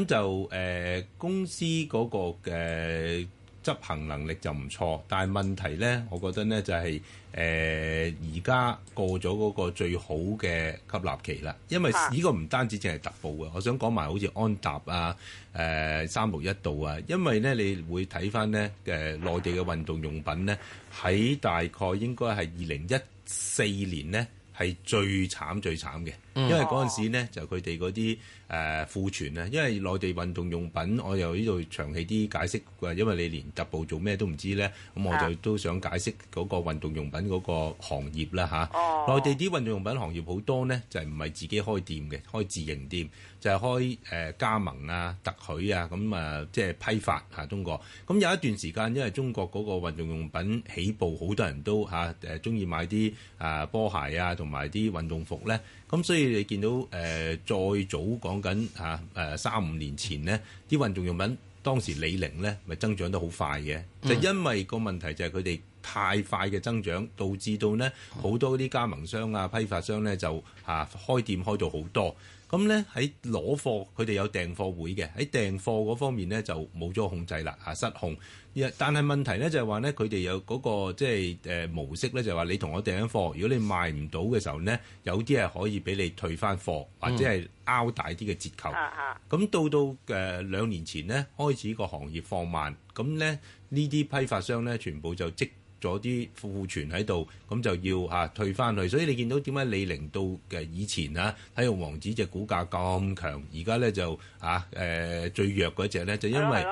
啊、就誒、呃、公司嗰個嘅。呃執行能力就唔錯，但係問題呢，我覺得呢就係誒而家過咗嗰個最好嘅吸納期啦。因為呢個唔單止淨係特步啊，我想講埋好似安踏啊、誒三六一度啊，因為呢你會睇返呢誒內、呃、地嘅運動用品呢，喺大概應該係二零一四年呢，係最慘最慘嘅。因為嗰陣時呢，就佢哋嗰啲誒庫存咧，因為內地運動用品，我又呢度詳細啲解釋因為你連特步做咩都唔知呢，咁我就都想解釋嗰個運動用品嗰個行業啦吓、啊啊、內地啲運動用品行業好多呢，就係唔、是、係自己開店嘅，開自營店就係、是、開、呃、加盟啊、特許啊咁啊，即、就、係、是、批發嚇、啊、中國。咁有一段時間，因為中國嗰個運動用品起步，好多人都嚇誒鍾意買啲啊、呃、波鞋啊，同埋啲運動服呢。咁所以你見到誒再早講緊嚇三五年前呢啲運動用品，當時李寧呢咪增長得好快嘅。就因為個問題就係佢哋太快嘅增長，導致到呢好多啲加盟商啊、批發商呢，就嚇開店開到好多。咁咧喺攞貨，佢哋有訂貨會嘅喺訂貨嗰方面咧就冇咗控制啦，失控。但係問題咧就係話咧佢哋有嗰、那個即係誒、呃、模式咧就話、是、你同我訂緊貨，如果你賣唔到嘅時候咧，有啲係可以俾你退翻貨或者係拋大啲嘅折扣。咁、嗯、到到誒、呃、兩年前咧開始個行業放慢，咁咧呢啲批發商咧全部就即。咗啲庫存喺度，咁就要啊退翻去。所以你見到點解李寧到嘅以前啊，體操王子隻股價咁強，而家咧就啊誒最弱嗰隻咧，就因為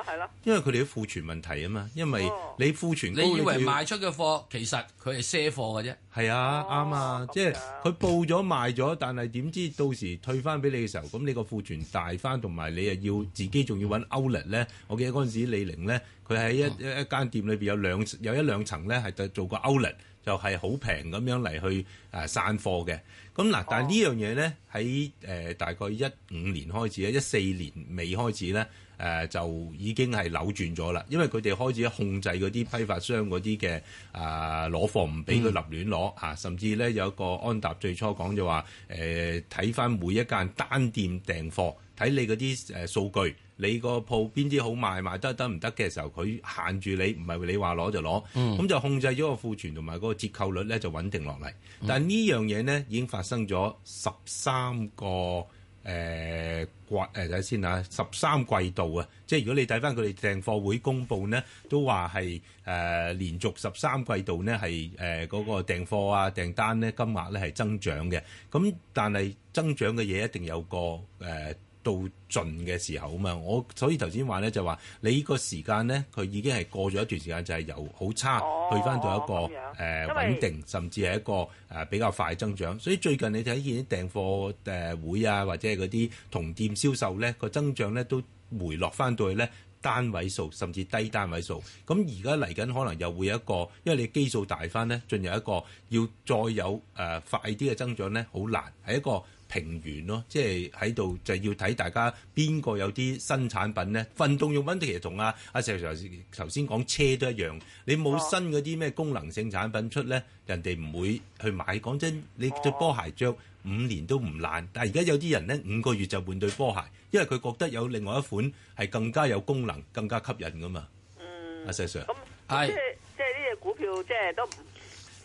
因為佢哋啲庫存問題啊嘛，因為你庫存、哦，你以為賣出嘅貨，其實佢係賒貨嘅啫。係啊，啱啊，啊，即係佢報咗賣咗，但係點知到時退翻俾你嘅時候，咁你個庫存大翻，同埋你又要自己仲要揾 outlet 咧。我記得嗰陣時李寧咧，佢喺一一間店裏面有兩有一兩層咧，係做個 outlet，就係好平咁樣嚟去散貨嘅。咁嗱，但係呢樣嘢咧，喺誒大概一五年開始咧，一四年未開始咧，誒就已經係扭轉咗啦，因為佢哋開始控制嗰啲批發商嗰啲嘅啊攞貨，唔俾佢立亂攞啊，甚至咧有一個安踏最初講就話誒睇翻每一間單店訂貨，睇你嗰啲誒數據。你個鋪邊啲好賣，賣，賣得得唔得嘅時候，佢限住你，唔係你話攞就攞，咁、嗯、就控制咗個庫存同埋嗰個折扣率咧，就穩定落嚟、嗯。但呢樣嘢呢，已經發生咗十三個呃，季，誒睇先嚇，十三季度啊！即係如果你睇返佢哋訂貨會公佈呢，都話係誒連續十三季度呢，係誒嗰個訂貨啊訂單呢，金額呢係增長嘅。咁但係增長嘅嘢一定有個誒。呃到盡嘅時候啊嘛，我所以頭先話咧就話你呢個時間咧，佢已經係過咗一段時間，就係由好差去翻到一個誒、哦哦嗯呃、穩定，甚至係一個、呃、比較快增長。所以最近你睇見啲訂貨誒會啊，或者係嗰啲同店銷售咧，個增長咧都回落翻到去咧單位數，甚至低單位數。咁而家嚟緊可能又會有一個，因為你基數大翻咧，進入一個要再有、呃、快啲嘅增長咧，好難係一個。平原咯，即係喺度就要睇大家邊個有啲新產品咧。運動用品其實同阿石 Sir 頭先講車都一樣，你冇新嗰啲咩功能性產品出咧，人哋唔會去買。講真，你對波鞋着五年都唔爛，但係而家有啲人咧五個月就換對波鞋，因為佢覺得有另外一款係更加有功能、更加吸引噶嘛。嗯，阿 Sir。咁即係即係呢啲股票，即係都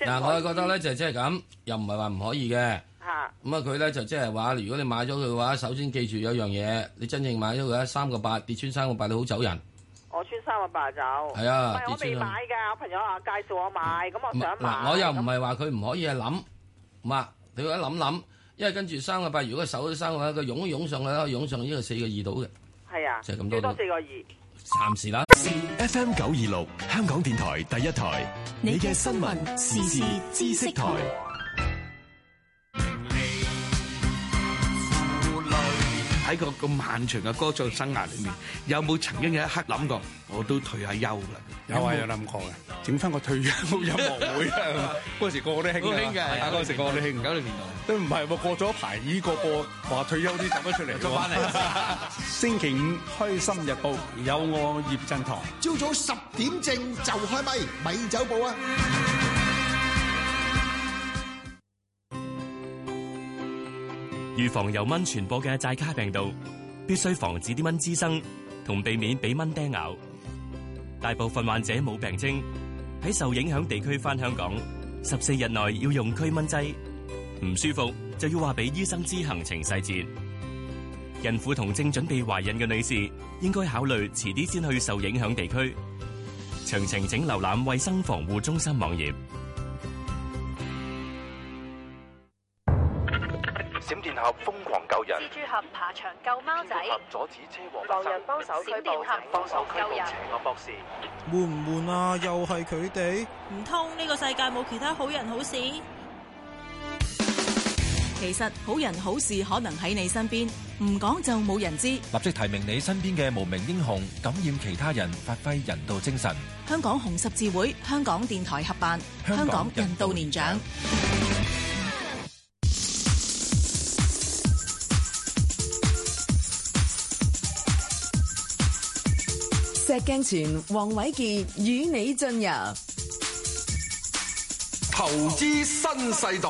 嗱，我覺得咧就即係咁，又唔係話唔可以嘅。吓咁啊！佢咧就即係話，如果你買咗佢嘅話，首先記住有樣嘢，你真正買咗佢，三個八跌穿三個八，你好走人。我，三、啊、我穿三個八走。係啊，我未買噶，我朋友話介紹我買，咁、嗯、我想買。啊、我又唔係話佢唔可以去諗，啊，你要一諗諗，因為跟住三個八，如果手都生嘅話，佢湧一湧上去啦，湧上呢個四個二度嘅。係啊，就咁、是、多。多四個二，暫時啦。F M 九二六香港電台第一台，你嘅新聞時事知識台。喺個咁漫長嘅歌唱生涯裏面，有冇曾經有一刻諗過我都退下休啦？有啊，有諗過嘅，整翻個退休音樂會。嗰時個個都興嘅，嗰時個個都興九零年代。都唔係喎，過咗一排，依個個話退休啲走咗出嚟，做翻嚟。星期五《開心日報》有我葉振棠，朝早十點正就開咪，咪走寶啊！預防由蚊傳播嘅寨卡病毒，必須防止啲蚊滋生，同避免俾蚊叮咬。大部分患者冇病徵，喺受影響地區翻香港十四日內要用驅蚊劑。唔舒服就要話俾醫生知行程細節。孕婦同正準備懷孕嘅女士應該考慮遲啲先去受影響地區。詳情請瀏覽衛生防護中心網頁。閃電俠瘋狂救人，蜘蛛俠爬牆救貓仔，阻止車禍，救人幫手，閃電俠幫手救人。邪惡博士，悶唔悶啊？又係佢哋？唔通呢個世界冇其他好人好事？其實好人好事可能喺你身邊，唔講就冇人知。立即提名你身邊嘅無名英雄，感染其他人，發揮人道精神。香港紅十字會、香港電台合辦，香港人道年獎。鏡泉，黃瑋傑與你進入投資新，新世代。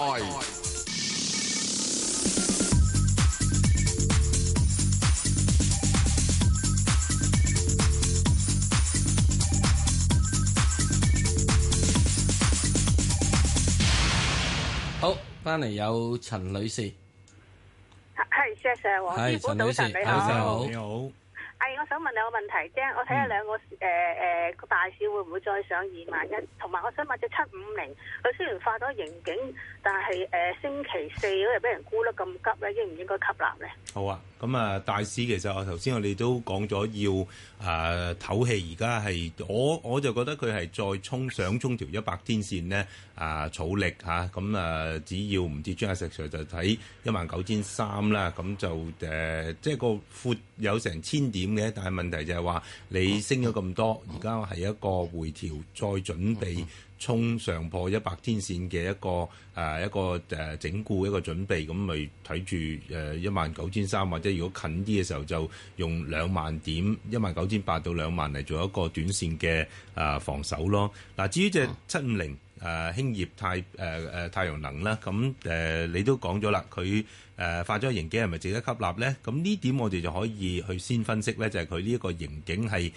好，翻嚟有陳女士，係，謝謝王，陳女士你好。Sir, 你好你好哎，我想問兩個問題啫，我睇下兩個誒誒個大市會唔會再上二萬一，同埋我想問隻七五零，佢雖然發咗盈警，但係誒、呃、星期四嗰日俾人沽得咁急咧，應唔應該吸納咧？好啊。咁啊，大市其實我頭先、啊、我哋都講咗要誒唞氣，而家係我我就覺得佢係再衝上衝條一百天線呢，啊，儲力嚇，咁啊，只要唔跌穿下石 Sir 就睇一萬九千三啦，咁、啊、就誒，即係個闊有成千點嘅，但係問題就係話你升咗咁多，而家係一個回調，再準備。衝上破一百天線嘅一個、呃、一個整固一個準備，咁咪睇住一萬九千三，或者如果近啲嘅時候就用兩萬點一萬九千八到兩萬嚟做一個短線嘅、呃、防守咯。嗱，至於隻七五零誒興業太、呃、太陽能啦，咁、呃、你都講咗啦，佢、呃、發咗個盈警係咪值得吸納咧？咁呢點我哋就可以去先分析咧，就係佢呢一個盈警係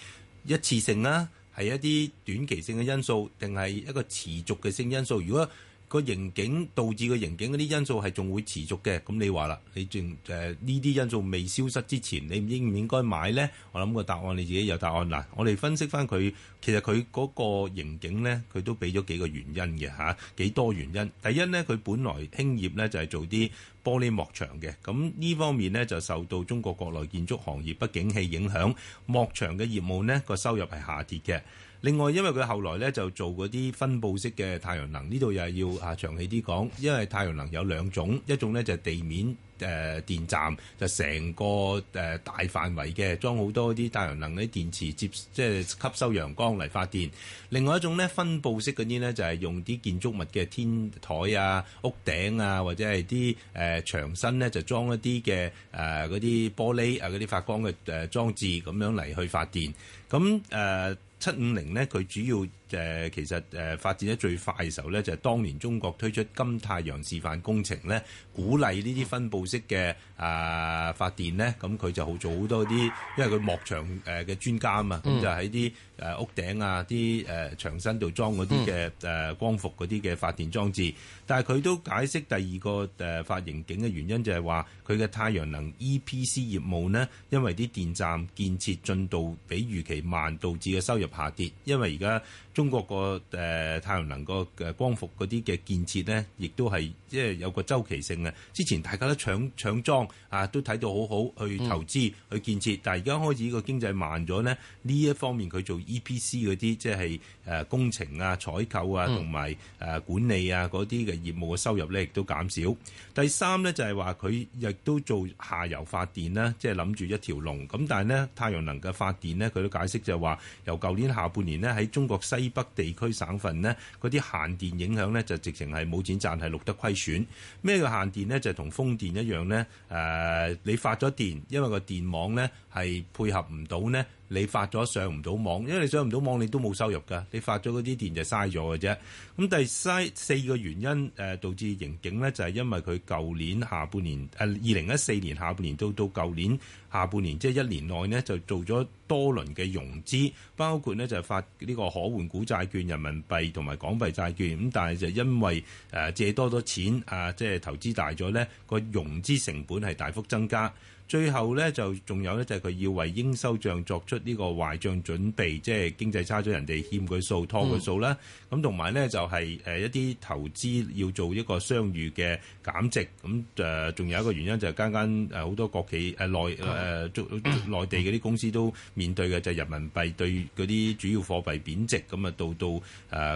一次性啦。係一啲短期性嘅因素，定係一個持續嘅性因素？如果個盈警導致個盈警嗰啲因素係仲會持續嘅，咁你話啦，你仲呢啲因素未消失之前，你應唔應該買呢？我諗個答案你自己有答案啦。我哋分析翻佢，其實佢嗰個盈警呢，佢都俾咗幾個原因嘅吓，幾多原因？第一呢，佢本來興業呢，就係做啲玻璃幕牆嘅，咁呢方面呢，就受到中國國內建築行業不景氣影響，幕牆嘅業務呢，個收入係下跌嘅。另外，因為佢後來咧就做嗰啲分佈式嘅太陽能，呢度又係要啊長氣啲講，因為太陽能有兩種，一種呢就係、地面誒、呃、電站，就成、是、個誒、呃、大範圍嘅裝好多啲太陽能啲電池接，即係吸收陽光嚟發電。另外一種呢，分佈式嗰啲呢，就係、是、用啲建築物嘅天台啊、屋頂啊，或者係啲誒牆身呢，就裝一啲嘅誒嗰啲玻璃啊、嗰啲發光嘅誒裝置咁樣嚟去發電。咁誒。呃七五零呢，佢主要。誒其實誒發展得最快嘅時候咧，就係當年中國推出金太陽示範工程咧，鼓勵呢啲分布式嘅，誒發電咧，咁佢就好做好多啲，因為佢幕牆誒嘅專家啊嘛，咁就喺啲誒屋頂啊、啲誒牆身度裝嗰啲嘅誒光伏嗰啲嘅發電裝置。但係佢都解釋第二個誒發盈警嘅原因就，就係話佢嘅太陽能 EPC 業務咧，因為啲電站建設進度比預期慢，導致嘅收入下跌。因為而家中中國個誒、呃、太陽能個光伏嗰啲嘅建設呢，亦都係即係有個周期性嘅。之前大家都搶搶裝啊，都睇到好好去投資去建設，但係而家開始個經濟慢咗呢，呢一方面佢做 EPC 嗰啲即係誒工程啊、採購啊同埋誒管理啊嗰啲嘅業務嘅收入呢，亦都減少。第三呢，就係話佢亦都做下游發電啦，即係諗住一條龍。咁但係呢，太陽能嘅發電呢，佢都解釋就係話由舊年下半年呢，喺中國西西北地區省份呢嗰啲限電影響呢，就直情係冇錢賺，係錄得虧損。咩叫限電呢？就同風電一樣呢。誒、呃，你發咗電，因為個電網呢係配合唔到呢。你發咗上唔到網，因為你上唔到網，你都冇收入㗎。你發咗嗰啲電就嘥咗嘅啫。咁第四個原因誒導致盈警呢，就係因為佢舊年下半年誒二零一四年下半年到到舊年下半年，即係一年內呢，就做咗多輪嘅融資，包括呢就發呢個可換股債券、人民幣同埋港幣債券。咁但係就因為誒借多咗錢啊，即係投資大咗呢，個融資成本係大幅增加。最後咧就仲有咧就係佢要為應收帳作出呢個壞帳準備，即係經濟差咗人哋欠佢數拖佢數啦。咁同埋咧就係誒一啲投資要做一個商譽嘅減值。咁誒仲有一個原因就係間間好多國企誒內誒內地嗰啲公司都面對嘅就係誒人民幣對嗰啲主要貨幣貶值，咁啊到到誒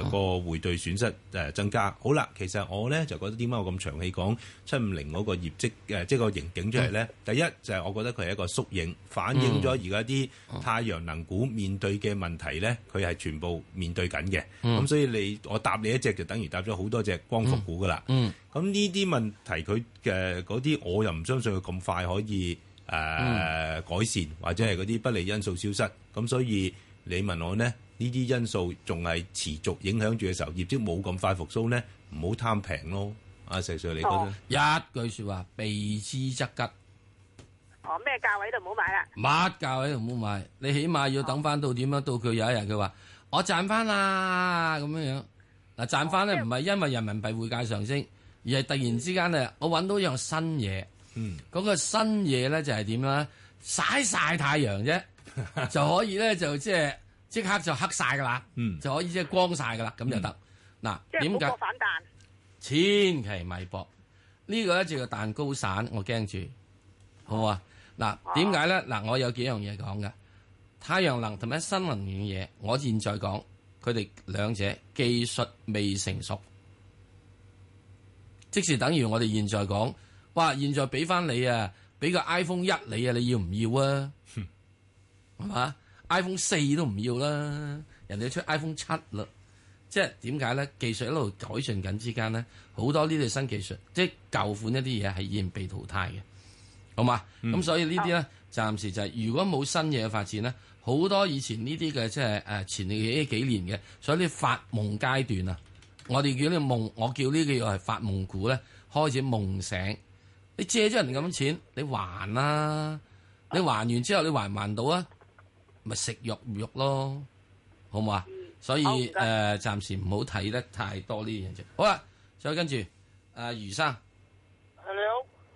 個匯兌損失增加。好啦，其實我咧就覺得點解我咁長氣講七五零嗰個業績即係個盈警出嚟咧？第一。就係、是、我覺得佢係一個縮影，反映咗而家啲太陽能股面對嘅問題咧，佢、嗯、係全部面對緊嘅。咁、嗯、所以你我答你一隻，就等於答咗好多隻光伏股噶啦。咁呢啲問題佢嘅嗰啲，我又唔相信佢咁快可以誒、呃嗯、改善，或者係嗰啲不利因素消失。咁所以你問我咧，呢啲因素仲係持續影響住嘅時候，業績冇咁快復甦咧，唔好貪平咯。阿石 Sir，你覺得、嗯、一句説話，避之則吉。講，咩價位都唔好買啦，乜價位都唔好買，你起碼要等翻到點樣？到佢有一日佢話我賺翻啦咁樣樣，嗱，賺翻咧唔係因為人民幣匯價上升，而係突然之間咧我搵到一樣新嘢，嗯，嗰、嗰個新嘢咧就係點樣咧，曬曬太陽啫， 就可以咧就即係即刻就黑晒噶啦，嗯，就可以即係光晒噶啦，咁就得，嗱、嗯，點、啊、解反彈？千祈咪博、呢個、呢個一就叫蛋糕散，我驚住，好啊。嗯嗱，點解咧？嗱，我有幾樣嘢講嘅，太陽能同埋新能源嘅嘢，我現在講佢哋兩者技術未成熟，即是等於我哋現在講，哇！現在俾翻你啊，俾個 iPhone 一你啊，你要唔要啊？係 嘛？iPhone 四都唔要啦，人哋出 iPhone 七啦，即係點解咧？技術一路改進緊之間咧，好多呢啲新技術，即係舊款一啲嘢係已經被淘汰嘅。好嘛？咁、嗯、所以呢啲咧，暫時就係、是、如果冇新嘢發展咧，好多以前呢啲嘅即係誒前幾幾年嘅，所以啲發夢階段啊，我哋叫啲夢，我叫呢個叫呢啲又係發夢股咧，開始夢醒。你借咗人咁錢，你還啦、啊，你還完之後，你還唔還到啊？咪食肉唔肉咯，好唔好啊？所以誒、嗯呃，暫時唔好睇得太多呢樣嘢。好啦，再跟住阿、啊、余生。你好，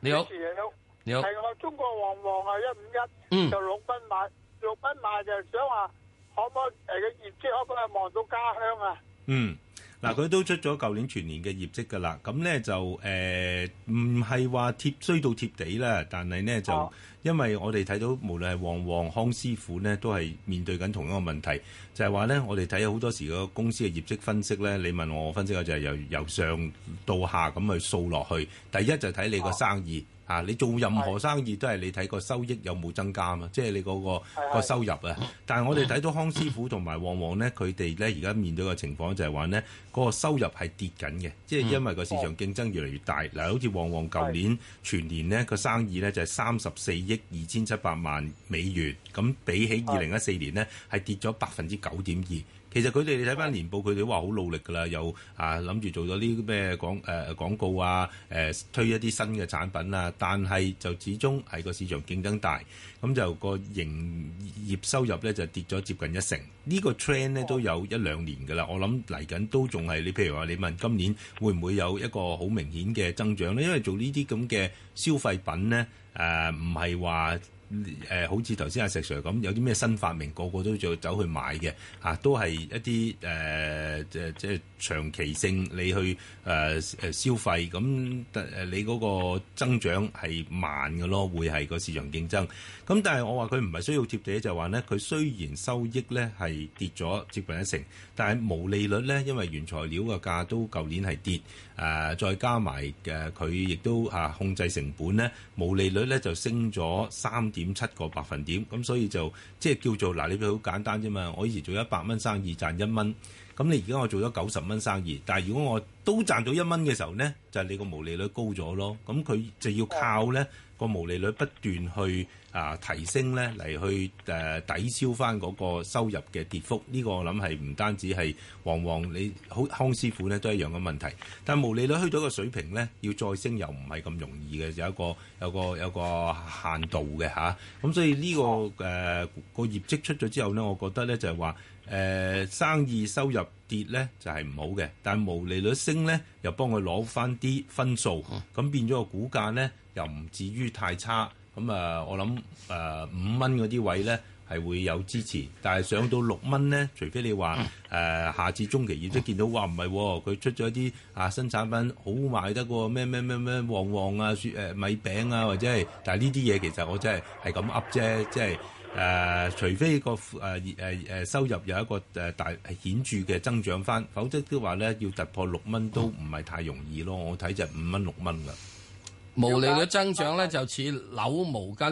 你好。你好。係我中國旺旺、mm. 啊，一五一就六分買，六分買就係想話可唔可誒嘅業績可唔可以望到家鄉啊？嗯，嗱，佢都出咗舊年全年嘅業績噶啦。咁咧就誒唔係話貼衰到貼地啦，但係咧就、oh. 因為我哋睇到無論係旺旺康師傅咧，都係面對緊同一個問題，就係話咧我哋睇好多時個公司嘅業績分析咧，你問我，我分析嘅就係由由上到下咁去掃落去，第一就睇你個生意。Oh. 啊！你做任何生意都係你睇個收益有冇增加，即係你嗰個收入啊。但係我哋睇到康師傅同埋旺旺咧，佢哋咧而家面對嘅情況就係話咧，嗰個收入係跌緊嘅，即係因為個市場競爭越嚟越大嗱、嗯。好似旺旺舊年全年咧個生意咧就係三十四億二千七百萬美元，咁比起二零一四年咧係跌咗百分之九點二。其實佢哋你睇翻年報，佢哋話好努力㗎啦，又啊諗住做咗啲咩廣誒廣告啊，誒推一啲新嘅產品啊，但係就始終係個市場競爭大，咁就個營業收入咧就跌咗接近一成。呢個 trend 咧都有一兩年㗎啦，我諗嚟緊都仲係你譬如話你問今年會唔會有一個好明顯嘅增長咧？因為做呢啲咁嘅消費品咧，誒唔係話。誒好似頭先阿石 Sir 咁，有啲咩新發明，個個都就走去買嘅，都係一啲誒、呃、即即長期性你去、呃、消費，咁你嗰個增長係慢嘅咯，會係個市場競爭。咁但係我話佢唔係需要貼地，就話呢，佢雖然收益咧係跌咗接近一成，但係毛利率咧因為原材料嘅價都舊年係跌、呃，再加埋嘅佢亦都控制成本咧，毛利率咧就升咗三點點七個百分點，咁所以就即係、就是、叫做嗱，你譬如好簡單啫嘛，我以前做一百蚊生意賺一蚊，咁你而家我做咗九十蚊生意，但係如果我都賺到一蚊嘅時候呢，就係、是、你個毛利率高咗咯，咁佢就要靠呢個毛利率不斷去。啊，提升咧嚟去誒、呃、抵消翻嗰個收入嘅跌幅，呢、這個我諗係唔單止係旺旺你好康師傅咧都一樣嘅問題，但毛利率去到個水平咧，要再升又唔係咁容易嘅，有一個有一個個有個限度嘅吓咁、啊、所以呢、這個誒個、呃、業績出咗之後咧，我覺得咧就係話誒生意收入跌咧就係唔好嘅，但毛利率升咧又幫佢攞翻啲分數，咁變咗個股價咧又唔至於太差。咁啊、eh? um,，我諗誒五蚊嗰啲位咧係會有支持，但係上到六蚊咧，除非你話誒下次中期，亦都見到話唔係喎，佢出咗啲啊新產品 blanket, Kwame, 好賣得喎，咩咩咩咩旺旺啊米餅啊或者係，嗯、Children, video, 但係呢啲嘢其實我真係係咁噏啫，即係誒、就是呃、除非個誒誒、呃呃、收入有一個誒大顯著嘅增長翻，否則都話咧要突破六蚊都唔係太容易咯。我睇就五蚊六蚊啦。毛利率增長咧，就似扭毛巾，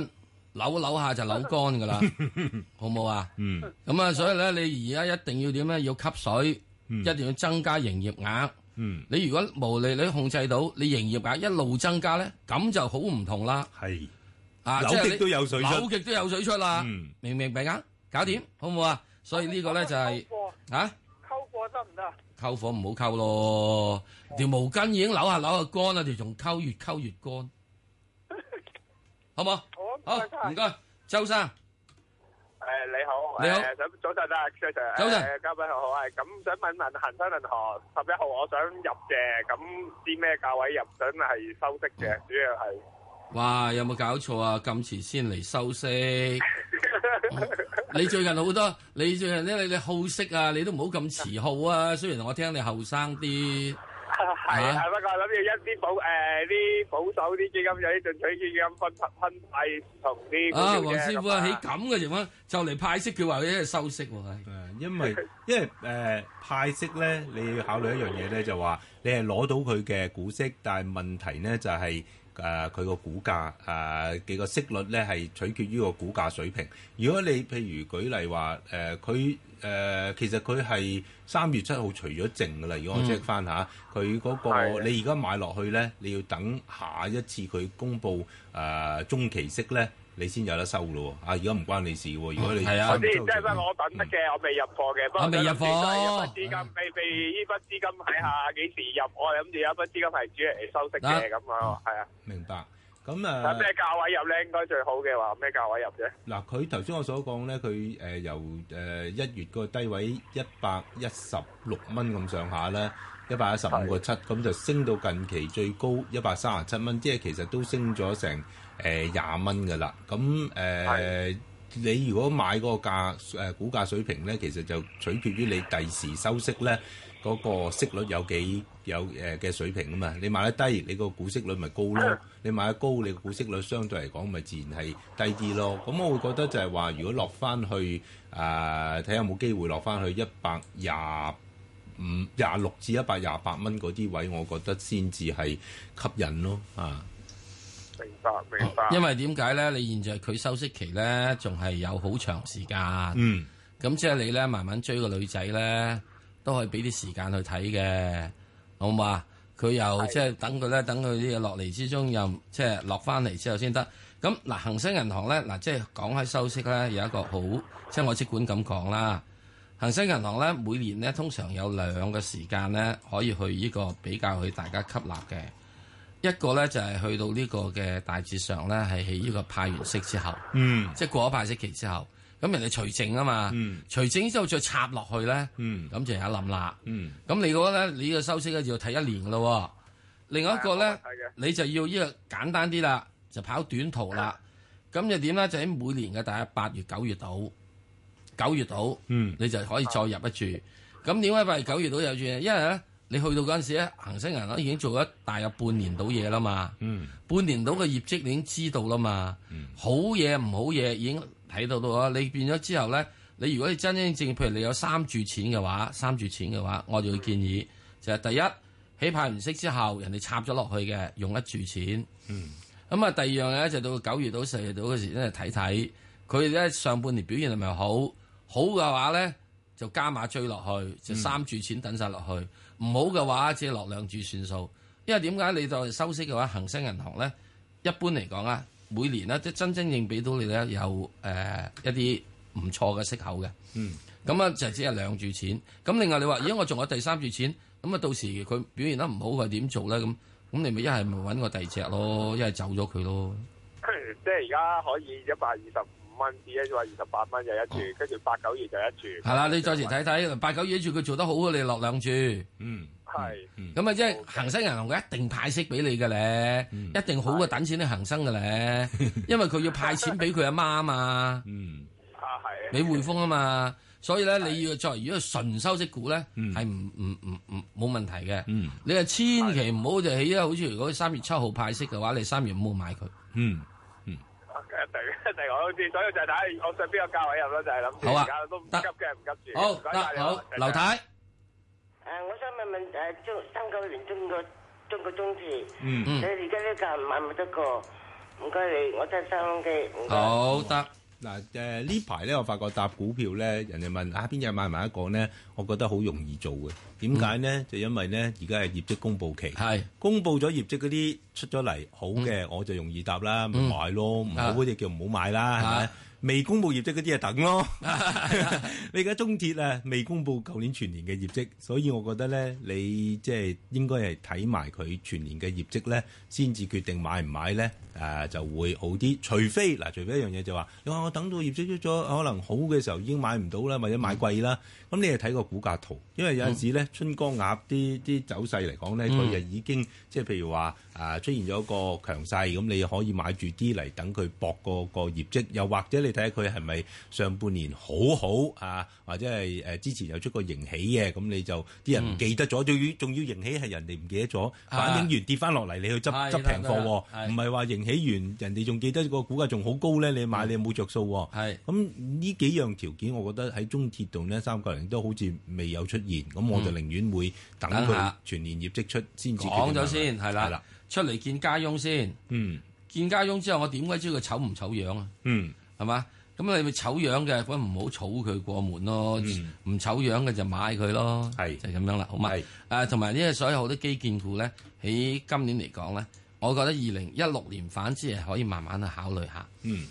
扭扭下就扭乾噶啦， 好唔好啊？嗯，咁啊，所以咧，你而家一定要點咧，要吸水、嗯，一定要增加營業額。嗯，你如果毛利率控制到，你營業額一路增加咧，咁就好唔同啦。係啊，扭極都有水，扭極都有水出啦、嗯，明唔明白啊？搞掂、嗯，好唔好啊？所以個呢個咧就係、是、啊，吸過得唔得？溝火唔好溝咯，條毛巾已經扭下扭下乾啦，條仲溝越溝越乾，好唔好？好唔該，周生。誒你好，你好，早早晨啊，早晨，早晨，嘉賓好好，咁想問問恒生銀行十一號，我想入嘅，咁啲咩價位入想係收息嘅，主要係。哇！有冇搞錯啊？咁遲先嚟收息？你最近好多，你最近咧，你你好息啊？你都唔好咁遲好啊！雖然我聽你後生啲，係啊，不過諗住一啲保誒啲保守啲基金，有啲進取啲基金分分派同啲啊，黃師傅啊，喺咁嘅情況就嚟派息，佢話已經係收息喎，係，因為因為誒派息咧，你要考慮一樣嘢咧，就話你係攞到佢嘅股息，但係問題咧就係。誒佢個股價誒、啊、幾個息率咧，係取決於個股價水平。如果你譬如舉例話誒，佢、啊、誒、啊、其實佢係三月七號除咗淨㗎啦。如果我 check 翻吓，佢、嗯、嗰、那個你而家買落去咧，你要等下一次佢公布誒、啊、中期息咧。你先有得收咯喎！啊，而家唔關你事喎。如果你係啊，我即係我等得嘅，我未入貨嘅。我未入貨。資金未未，依筆資金睇下幾時入，我諗住有一筆資金係主要嚟收息嘅咁，啊，係啊。明白。咁誒，咩價位入咧應該最好嘅話，咩價位入啫？嗱，佢頭先我所講咧，佢誒由誒一月個低位一百一十六蚊咁上下咧，一百一十五個七，咁就升到近期最高一百三十七蚊，即係其實都升咗成。誒廿蚊㗎啦，咁誒、呃、你如果買嗰個價股價水平咧，其實就取決於你第時收息咧嗰、嗰個息率有幾有嘅、呃、水平啊嘛。你買得低，你個股息率咪高咯；你買得高，你個股息率相對嚟講咪自然係低啲咯。咁我會覺得就係話，如果落翻去啊，睇、呃、下有冇機會落翻去一百廿五、廿六至一百廿八蚊嗰啲位，我覺得先至係吸引咯啊！明白，明白，因為點解咧？你現在佢收息期咧，仲係有好長時間。嗯，咁即係你咧，慢慢追個女仔咧，都可以俾啲時間去睇嘅，好唔好啊？佢又是即係等佢咧，等佢啲嘢落嚟之中，又即係落翻嚟之後先得。咁嗱，啊、恒生銀行咧，嗱、啊、即係講喺收息咧，有一個好，即係我即管咁講啦。恒生銀行咧，每年咧通常有兩個時間咧，可以去呢個比較去大家吸納嘅。一個咧就係、是、去到呢個嘅大致上咧係起呢個派完息之後，嗯、即係過咗派息期之後，咁人哋除淨啊嘛，除、嗯、淨之後再插落去咧，咁、嗯、就一冧啦。咁、嗯、你覺得咧，你嘅收息咧就要睇一年嘅咯。另外一個咧、哎，你就要呢個簡單啲啦，就跑短途啦。咁、嗯、就點咧？就喺每年嘅大約八月、九月到九月到、嗯，你就可以再入一注。咁點解八月、九月到有注咧？因為咧。你去到嗰陣時咧，恆生銀行已經做咗大約半年到嘢啦嘛、嗯，半年到嘅業績你已經知道啦嘛。好嘢唔好嘢已經睇到到啦。你變咗之後咧，你如果你真真正正，譬如你有三注錢嘅話，三注錢嘅話，我就會建議就係、是、第一起派唔息之後，人哋插咗落去嘅用一注錢。咁、嗯、啊，第二樣嘢就到九月到四月到嘅時真係睇睇佢哋咧上半年表現係咪好好嘅話咧，就加碼追落去，嗯、就是、三注錢等晒落去。唔好嘅話，只係落兩注算數，因為點解你就收息嘅話，恒生銀行咧一般嚟講啊，每年咧即係真真正正俾到你咧有誒、呃、一啲唔錯嘅息口嘅。嗯，咁啊就只係兩注錢，咁、嗯、另外你話如果我仲有第三注錢，咁啊到時佢表現得唔好，佢點做咧？咁咁你咪一係咪揾個第二隻咯，一係走咗佢咯。即係而家可以一百二十蚊字啊，就話二十八蚊就一注，跟住八九二就一注。係啦，你再時睇睇八九二一注，佢做得好，你落兩注。嗯，係、嗯。咁、嗯、啊，即係恒生銀行佢一定派息俾你嘅咧、嗯嗯，一定好嘅等錢啲恒生嘅咧， 因為佢要派錢俾佢阿媽啊嘛。 嗯，啊係。俾匯豐啊嘛，所以咧你要作為一個、嗯嗯、你要如果純收息股咧，係唔唔唔唔冇問題嘅。你啊千祈唔好就起因好似如果三月七號派息嘅話，你三月五號買佢。嗯。第，第我好似，所以就睇我上邊個價位入咯，就係諗住而家都唔急嘅，唔急住。好，唔該晒你，好，劉太。誒，我想問問誒中三九零中國中國中鐵，嗯嗯，你而家呢價買唔得個？唔該你，我真係收音機，唔該。好得。嗱誒呢排咧，我發覺搭股票咧，人哋問啊邊日買埋一個咧，我覺得好容易做嘅。點解咧？就因為咧，而家係業績公佈期，公佈咗業績嗰啲出咗嚟好嘅、嗯，我就容易搭啦，嗯、買咯，唔好嗰隻叫唔好買啦，係咪，啊？未公布業績嗰啲就等咯。 你而家中鐵啊，未公布舊年全年嘅業績，所以我覺得咧，你即係應該係睇埋佢全年嘅業績咧，先至決定買唔買咧，誒就會好啲。除非嗱，除非一樣嘢就話，你話我等到業績出咗，可能好嘅時候已經買唔到啦，或者買貴啦。嗯咁你又睇個股價圖，因為有陣時咧，春江鴨啲啲走勢嚟講咧，佢、嗯、就已經即係譬如話啊出現咗個強勢，咁你可以買住啲嚟等佢博個個業績。又或者你睇下佢係咪上半年好好啊，或者係之前有出過盈起嘅，咁你就啲、嗯、人唔記得咗，仲要仲要盈起係人哋唔記得咗，反映完跌翻落嚟，你去執執平貨，唔係話盈起完人哋仲記得個股價仲好高咧，你買你冇着數喎。咁呢幾樣條件，我覺得喺中鐵度呢三個人都好似未有出現，咁、嗯、我就寧願會等佢全年業績出先至講咗先。係啦，出嚟見家翁先。嗯，見家翁之後，我點解知佢醜唔醜樣啊？嗯，係嘛？咁你咪醜樣嘅，咁唔好草佢過門咯。唔、嗯、醜樣嘅就買佢咯。係就咁、是、樣啦，好嘛？誒，同、啊、埋呢，所有好多基建股咧，喺今年嚟講咧，我覺得二零一六年反之係可以慢慢去考慮下。嗯，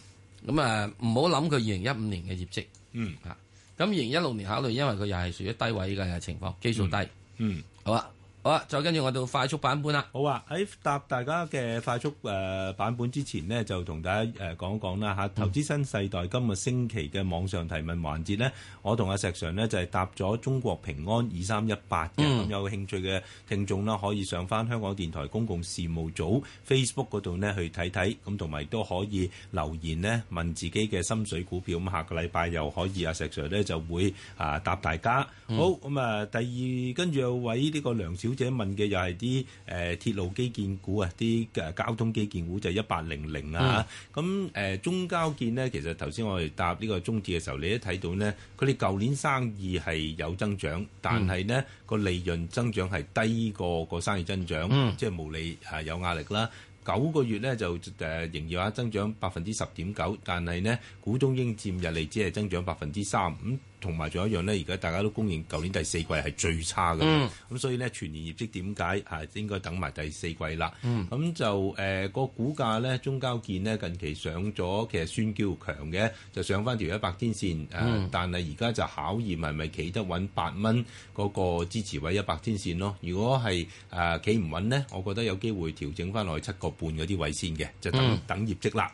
咁啊，唔好諗佢二零一五年嘅業績。嗯，嚇。咁二零一六年考慮，因為佢又係屬於低位嘅情況，基數低，嗯，嗯，好啊。好啦，再跟住我到快速版本啦。好啊，喺答大家嘅快速、呃、版本之前咧，就同大家講講、呃、一講啦吓，投資新世代今日星期嘅網上提問環節咧，我同阿石 Sir 咧就係、是、答咗中國平安二三一八嘅。咁、嗯、有興趣嘅聽眾啦，可以上翻香港電台公共事務組 Facebook 嗰度咧，去睇睇，咁同埋都可以留言咧問自己嘅心水股票。咁、嗯、下個禮拜又可以阿石 Sir 咧就會啊、呃、答大家。嗯、好，咁、嗯、啊第二跟住有位呢個梁少小姐問嘅又係啲誒鐵路基建股啊，啲、啊、嘅交通基建股就一八零零啊，咁誒、呃、中交建呢，其實頭先我哋答呢個中鐵嘅時候，你都睇到呢，佢哋舊年生意係有增長，但係呢個、嗯、利潤增長係低過個生意增長，嗯、即係無利係、啊、有壓力啦。九個月呢，就誒、啊、營業額增長百分之十點九，但係呢，股東應佔溢利只係增長百分之三咁。同埋仲有一樣咧，而家大家都公認舊年第四季係最差嘅。咁、嗯、所以咧，全年業績點解啊？應該等埋第四季啦。咁、嗯、就誒、呃那個股價咧，中交建呢近期上咗，其實宣叫強嘅，就上翻條一百天線。誒、呃嗯，但係而家就考驗係咪企得穩八蚊嗰個支持位一百天線咯。如果係誒企唔穩咧，我覺得有機會調整翻落去七個半嗰啲位線嘅，就等、嗯、等業績啦。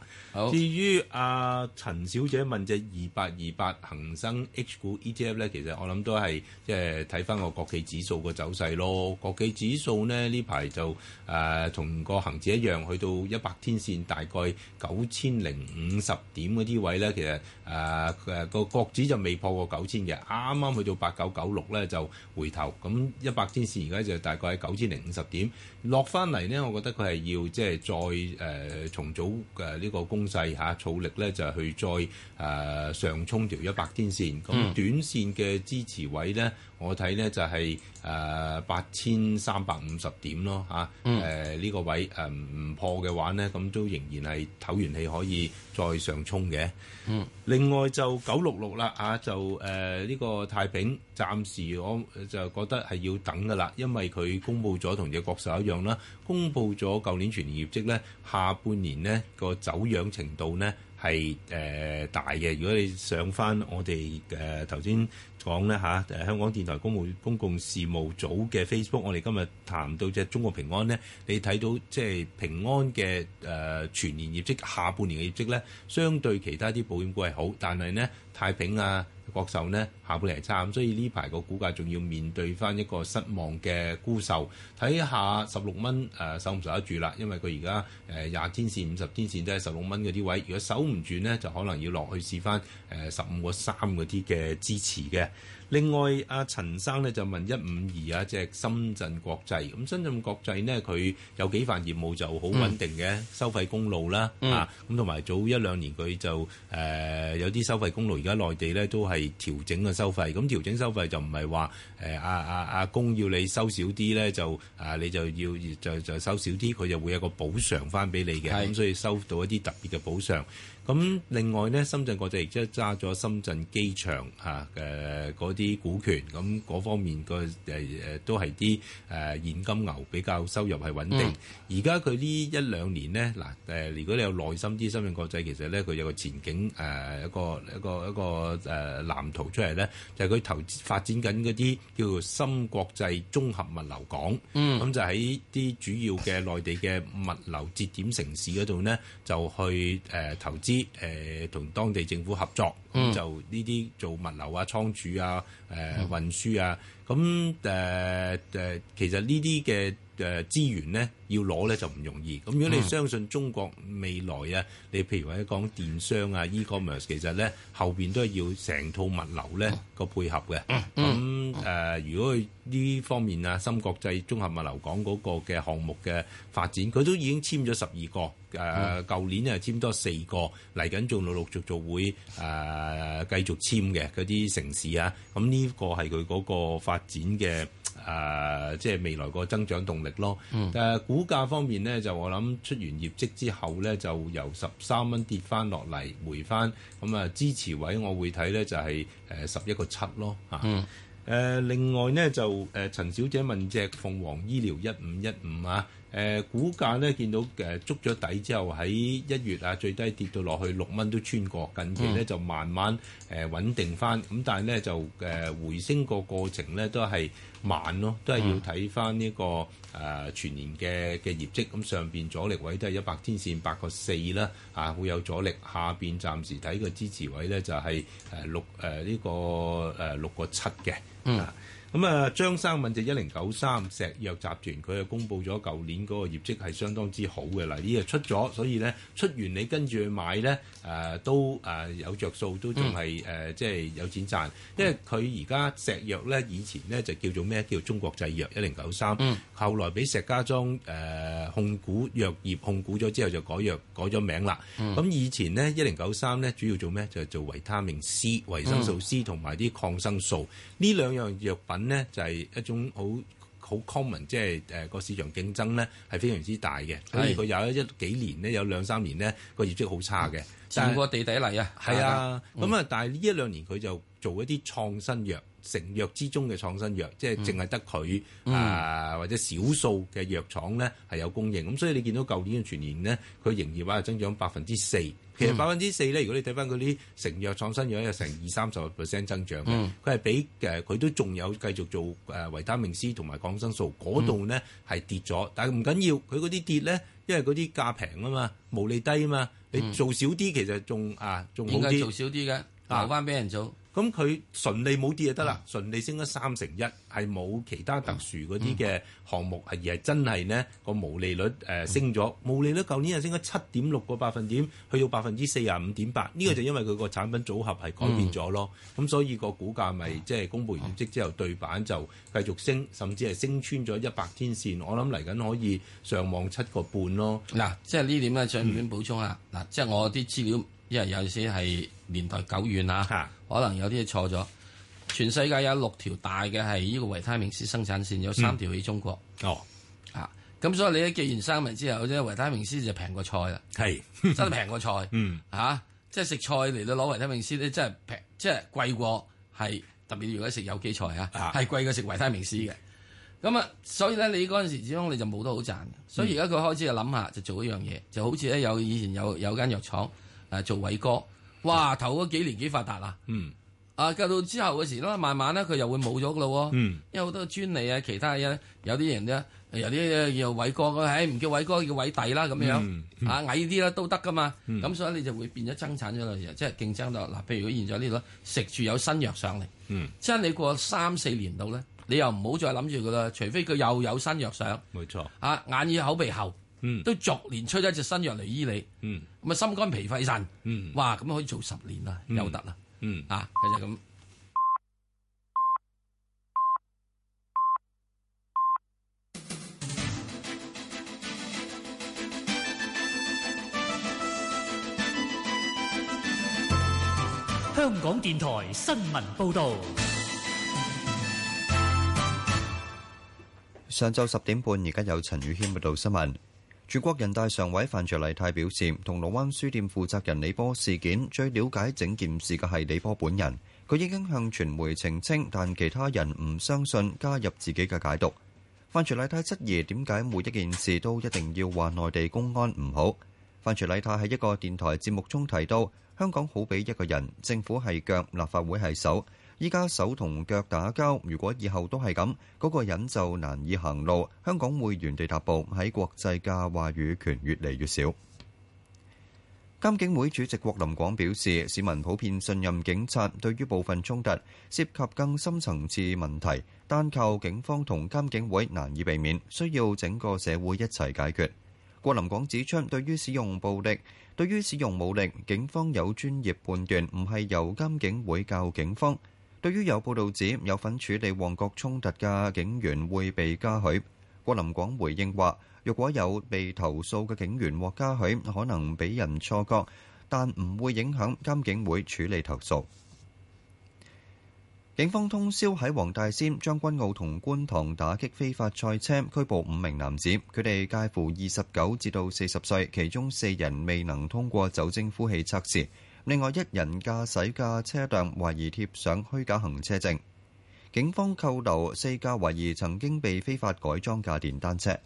至於阿、啊、陳小姐問隻二八二八恒生 H 股 ETF 咧，其實我諗都係即係睇翻個國企指數個走勢咯。國企指數呢，呢排就誒同、啊、個恒指一樣，去到一百天線大概九千零五十點嗰啲位咧，其實誒誒個國指就未破過九千嘅，啱啱去到八九九六咧就回頭。咁一百天線而家就大概喺九千零五十點。落翻嚟呢，我覺得佢係要即係再誒、呃、重組嘅呢個攻勢嚇，儲、啊、力咧就係去再誒、呃、上衝條一百天線。咁、嗯、短線嘅支持位咧，我睇咧就係誒八千三百五十點咯嚇。呢、啊嗯呃呢個位誒唔、呃、破嘅話咧，咁都仍然係唞完氣可以再上衝嘅。嗯。另外就九六六啦，啊就誒呢、呃呢個太平。暫時我就覺得係要等嘅啦，因為佢公布咗同隻國壽一樣啦，公布咗舊年全年業績咧，下半年呢個走樣程度呢係誒大嘅。如果你上翻我哋誒頭先講咧嚇，香港電台公務公共事務組嘅 Facebook，我哋今日談到隻中國平安呢，你睇到即係平安嘅全年業績，下半年嘅、呃呃啊呃、業績呢，相對其他啲保險股係好，但係呢。太平啊，國壽呢，下半嚟係差，所以呢排個股價仲要面對翻一個失望嘅沽售，睇下十六蚊誒守唔守得住啦，因為佢而家誒廿天線、五十天線都係十六蚊嗰啲位，如果守唔住呢，就可能要落去試翻誒十五個三嗰啲嘅支持嘅。另外阿陳生咧就問一五二啊隻深圳國際，咁深圳國際呢，佢有幾份業務就好穩定嘅收費公路啦，啊咁同埋早一兩年佢就誒有啲收費公路而家內地呢都係調整嘅收費，咁調整收費就唔係話誒阿阿阿公要你收少啲呢就啊你就要就就收少啲，佢就會有個補償翻俾你嘅，咁所以收到一啲特別嘅補償。咁另外咧，深圳國際亦即係揸咗深圳機場吓誒嗰啲股權，咁嗰方面個誒誒都係啲誒現金流比較收入係穩定。而家佢呢一兩年咧，嗱誒如果你有耐心啲，深圳國際其實咧佢有個前景誒一個一個一個誒藍圖出嚟咧，就係佢投資發展緊嗰啲叫做深國際綜合物流港，咁、嗯、就喺啲主要嘅內地嘅物流節點城市嗰度咧，就去誒、呃、投資。誒、呃，同當地政府合作，咁、嗯、就呢啲做物流啊、倉儲啊、誒、呃，運、嗯、輸啊，咁誒，誒、呃呃，其實呢啲嘅。誒資源咧要攞咧就唔容易。咁如果你相信中國未來啊，你譬如話你講電商啊 e-commerce，其實咧後邊都係要成套物流咧個配合嘅。咁、嗯、誒、嗯呃，如果佢呢方面啊深國際綜合物流港嗰個嘅項目嘅發展，佢都已經簽咗十二個。誒、呃，舊年又簽多四個，嚟緊仲陸陸續續，續會誒、呃、繼續簽嘅嗰啲城市啊。咁呢個係佢嗰個發展嘅。誒，即係未來個增長動力咯。誒，但係股價方面呢，就我諗出完業績之後呢，就由十三蚊跌翻落嚟，回翻咁啊，支持位我會睇呢就係誒十一個七咯，吓，嗯，誒，另外呢，就誒、呃，陳小姐問隻鳳凰醫療一五一五啊。誒，股價咧見到誒捉咗底之後，喺一月啊最低跌到落去六蚊都穿過，近期咧就慢慢誒、呃、穩定翻。咁但係咧就誒、呃、回升個過程咧都係慢咯，都係要睇翻呢個誒、呃、全年嘅嘅業績。咁上邊阻力位都係一百天線八個四啦，啊會有阻力。下邊暫時睇個支持位咧就係六誒呢個六個七嘅。嗯。咁啊，張生問就一零九三石藥集團佢啊公布咗舊年嗰個業績係相當之好嘅，喇呢個出咗，所以咧出完你跟住去買咧，誒、呃、都誒、呃、有着數都仲係誒即係有錢賺，因為佢而家石藥咧以前咧就叫做咩叫做中國製藥一零九三，1093, 後來俾石家莊誒、呃、控股藥業控股咗之後就改藥改咗名啦，咁、嗯、以前咧一零九三咧主要做咩就係做維他命 C 維生素 C 同埋啲抗生素呢兩樣藥品。咧就係、是、一種好好 common，即係誒個市場競爭咧係非常之大嘅。所以佢有一一幾年呢，有兩三年呢個業績好差嘅，成個地底嚟啊，係啊。咁啊，但係呢一兩年佢就做一啲創新藥，成藥之中嘅創新藥，即係淨係得佢啊或者少數嘅藥廠咧係有供應。咁所以你見到舊年嘅全年呢，佢營業額係增長百分之四。嗯、其實百分之四咧，如果你睇翻嗰啲成藥創新藥有成二三十 percent 增長嘅，佢、嗯、係比佢都仲有繼續做誒維他命 C 同埋抗生素嗰度咧係跌咗，但係唔緊要，佢嗰啲跌咧，因為嗰啲價平啊嘛，毛利低啊嘛，你做少啲其實仲啊仲好啲，應該做少啲嘅，留翻俾人做。咁佢純利冇跌就得啦，純、嗯、利升咗三成一，係冇其他特殊嗰啲嘅項目，嗯嗯、而係真係呢個毛利率升咗，毛利率舊、呃嗯、年係升咗七點六個百分點，去到百分之四十五點八，呢、這個就因為佢個產品組合係改變咗咯，咁、嗯、所以個股價咪即係公佈完業績之後對板就繼續升，嗯嗯、甚至係升穿咗一百天線，我諗嚟緊可以上網七個半咯。嗱，即係呢點咧，想唔想補充啊？嗱，即係我啲資料。因為有時係年代久遠啊，可能有啲嘢錯咗。全世界有六條大嘅係呢個維他命 C 生產線，有三條喺中國。嗯、哦，咁、啊、所以你咧記完三文之後，即係維他命 C 就平過菜啦，係真係平過菜。嗯，嚇、啊！即係食菜嚟到攞維他命 C 咧，真係平，即係貴過係特別。如果食有機菜啊，係貴過食維他命 C 嘅。咁、嗯、啊，所以咧你嗰陣時始終你就冇得好賺。所以而家佢開始就諗下就做一樣嘢，就好似咧有以前有有間藥廠，做偉哥，哇，頭嗰幾年幾發達啊、嗯嗯哎嗯！嗯，啊，到之後嘅時都慢慢咧，佢又會冇咗噶咯。嗯，因為好多專利啊，其他嘢，有啲人咧，有啲叫偉哥，唉唔叫偉哥，叫偉弟啦，咁樣啊，矮啲啦都得噶嘛。咁所以你就會變咗增產咗啦，即係競爭到。嗱。譬如如果現在呢度，食住有新藥上嚟，嗯，即係你過三四年到咧，你又唔好再諗住佢啦，除非佢又有新藥上。冇錯。啊，眼耳口鼻喉。嗯，都逐年出咗一隻新藥嚟醫你。嗯，咁啊心肝脾肺腎。嗯，哇，咁可以做十年啦，有得啦。嗯，啊，就咁。香港電台新聞報導，上晝十點半，而家有陳宇軒嘅報道新聞。全國人大常委范徐麗泰表示，銅鑼灣書店負責人李波事件，最了解整件事嘅係李波本人，佢已經向傳媒澄清，但其他人唔相信，加入自己嘅解讀。范徐麗泰質疑點解每一件事都一定要話內地公安唔好。范徐麗泰喺一個電台節目中提到，香港好比一個人，政府係腳，立法會係手。依家手同腳打交，如果以後都係咁，嗰個人就難以行路。香港會原地踏步，喺國際嘅話語權越嚟越少。監警會主席郭林廣表示，市民普遍信任警察，對於部分衝突涉及更深層次問題，單靠警方同監警會難以避免，需要整個社會一齊解決。郭林廣指出，對於使用暴力，對於使用武力，警方有專業判斷，唔係由監警會教警方。對於有報道指有份處理旺角衝突嘅警員會被嘉許，郭琳廣回應話：若果有被投訴嘅警員獲嘉許，可能俾人錯覺，但唔會影響監警會處理投訴。警方通宵喺黃大仙、將軍澳同觀塘打擊非法賽車，拘捕五名男子，佢哋介乎二十九至到四十歲，其中四人未能通過酒精呼氣測試。另外一人駕駛嘅車輛懷疑貼上虛假行車證，警方扣留四架懷疑曾經被非法改裝嘅電單車。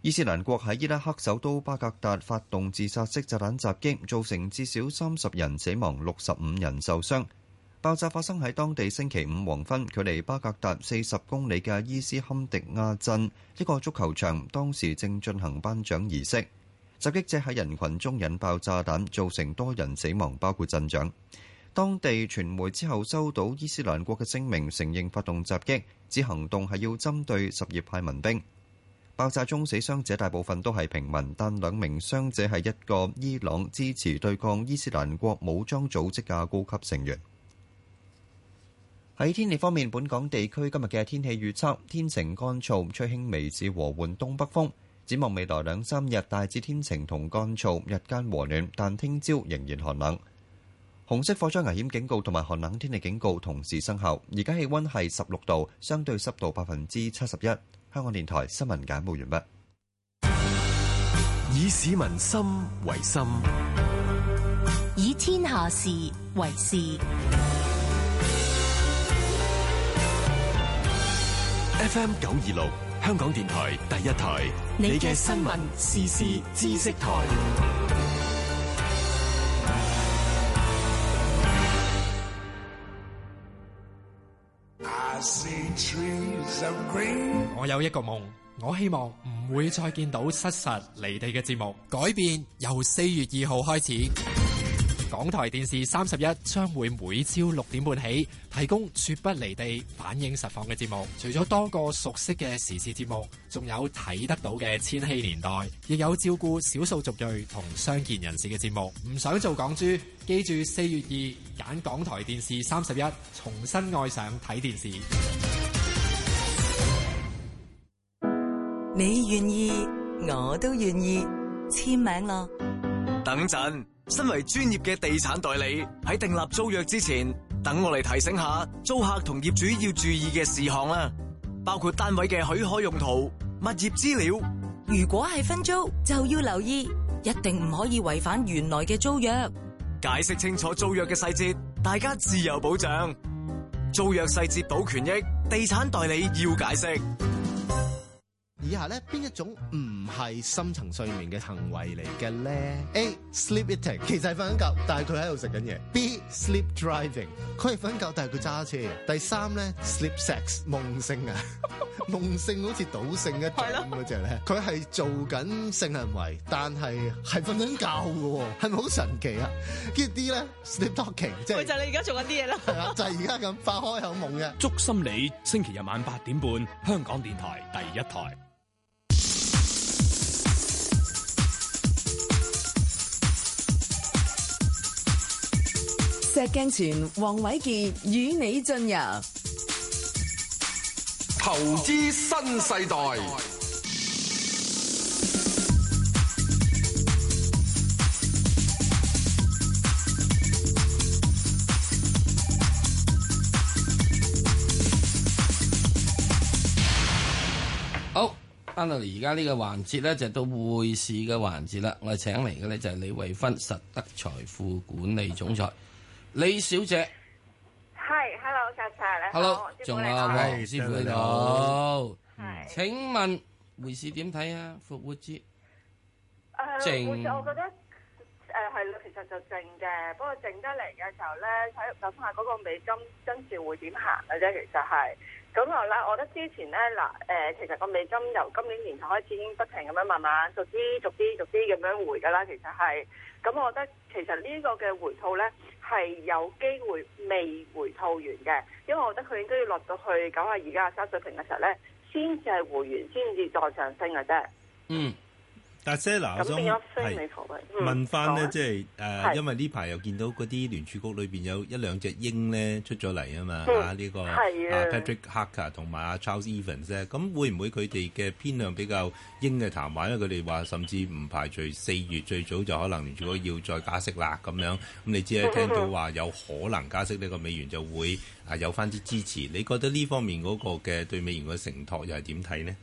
伊斯蘭國喺伊拉克首都巴格達發動自殺式炸彈襲擊，造成至少三十人死亡、六十五人受傷。爆炸發生喺當地星期五黃昏，距離巴格達四十公里嘅伊斯坎迪亞鎮一個足球場，當時正進行頒獎儀式。襲擊者喺人群中引爆炸彈，造成多人死亡，包括鎮長。當地傳媒之後收到伊斯蘭國嘅聲明，承認發動襲擊，指行動係要針對十葉派民兵。爆炸中死傷者大部分都係平民，但兩名傷者係一個伊朗支持對抗伊斯蘭國武裝組織嘅高級成員。喺天氣方面，本港地區今日嘅天氣預測：天晴乾燥，吹輕微至和緩東北風。展望未來兩三日，大致天晴同乾燥，日間和暖，但聽朝仍然寒冷。紅色火災危險警告同埋寒冷天氣警告同時生效。而家氣温係十六度，相對濕度百分之七十一。香港電台新聞簡報完畢。以市民心為心，以天下事為事。F.M. 九二六。香港電台第一台，你嘅新聞時事知識台。我有一個夢，我希望唔會再見到失實離地嘅節目。改變由四月二號開始。港台電視三十一將會每朝六點半起提供絕不離地反映實況嘅節目，除咗多個熟悉嘅時事節目，仲有睇得到嘅千禧年代，亦有照顧少數族裔同傷健人士嘅節目。唔想做港豬，記住四月二揀港台電視三十一，重新愛上睇電視。你願意，我都願意，簽名咯。等陣。身為專業嘅地產代理，喺訂立租約之前，等我嚟提醒下租客同業主要注意嘅事項啦，包括單位嘅許可用途、物業資料。如果係分租，就要留意，一定唔可以違反原來嘅租約。解釋清楚租約嘅細節，大家自由保障。租約細節保權益，地產代理要解釋。以下咧邊一種唔係深層睡眠嘅行為嚟嘅咧？A. sleep eating 其實係瞓緊覺，但係佢喺度食緊嘢。B. sleep driving 佢係瞓緊覺，但係佢揸車。第三咧，sleep sex 夢性啊， 夢性好似賭性一樣嗰隻咧，佢係做緊性行為，但係係瞓緊覺嘅喎，係咪好神奇啊？跟住 D 咧，sleep talking 即係就係你而家做緊啲嘢啦啊，就係而家咁發開口夢嘅。祝心理星期日晚八點半香港電台第一台。石鏡泉，黃瑋傑與你進入投資新，新世代。好翻到嚟，而家呢個環節咧就係，到匯市嘅環節啦。我哋請嚟嘅咧就係李慧芬，實德財富管理總裁。李小姐，係，hello，早晨，hello，仲有位師傅你好，係，請問回事點睇啊？復活節，誒，回事我覺得誒係啦，其實就靜嘅，不過靜得嚟嘅時候咧，睇諗下嗰個美金跟住會點行嘅啫。其實係咁話啦，我覺得之前咧嗱誒，其實個美金由今年年頭開始已經不停咁樣慢慢逐啲逐啲逐啲咁樣回噶啦。其實係咁，我覺得其實呢個嘅回吐咧。係有機會未回套回吐完嘅，因為我覺得佢應該要落到去九啊而家嘅三水平嘅時候咧，先至係回完，先至再上升嘅啫。嗯。但 share 嗱，我想問翻咧，即係誒，因為呢排又見到嗰啲聯儲局裏邊有一兩隻鷹咧出咗嚟啊嘛，嗯、啊呢個、嗯啊、Patrick Harker 同埋阿 Charles Evans 咧，咁會唔會佢哋嘅偏向比較鷹嘅談話咧？因為佢哋話甚至唔排除四月最早就可能聯儲局要再加息啦咁樣。咁你知咧，聽到話有可能加息，呢個美元就會啊有翻啲支持。你覺得呢方面嗰個嘅對美元嘅承托又係點睇呢？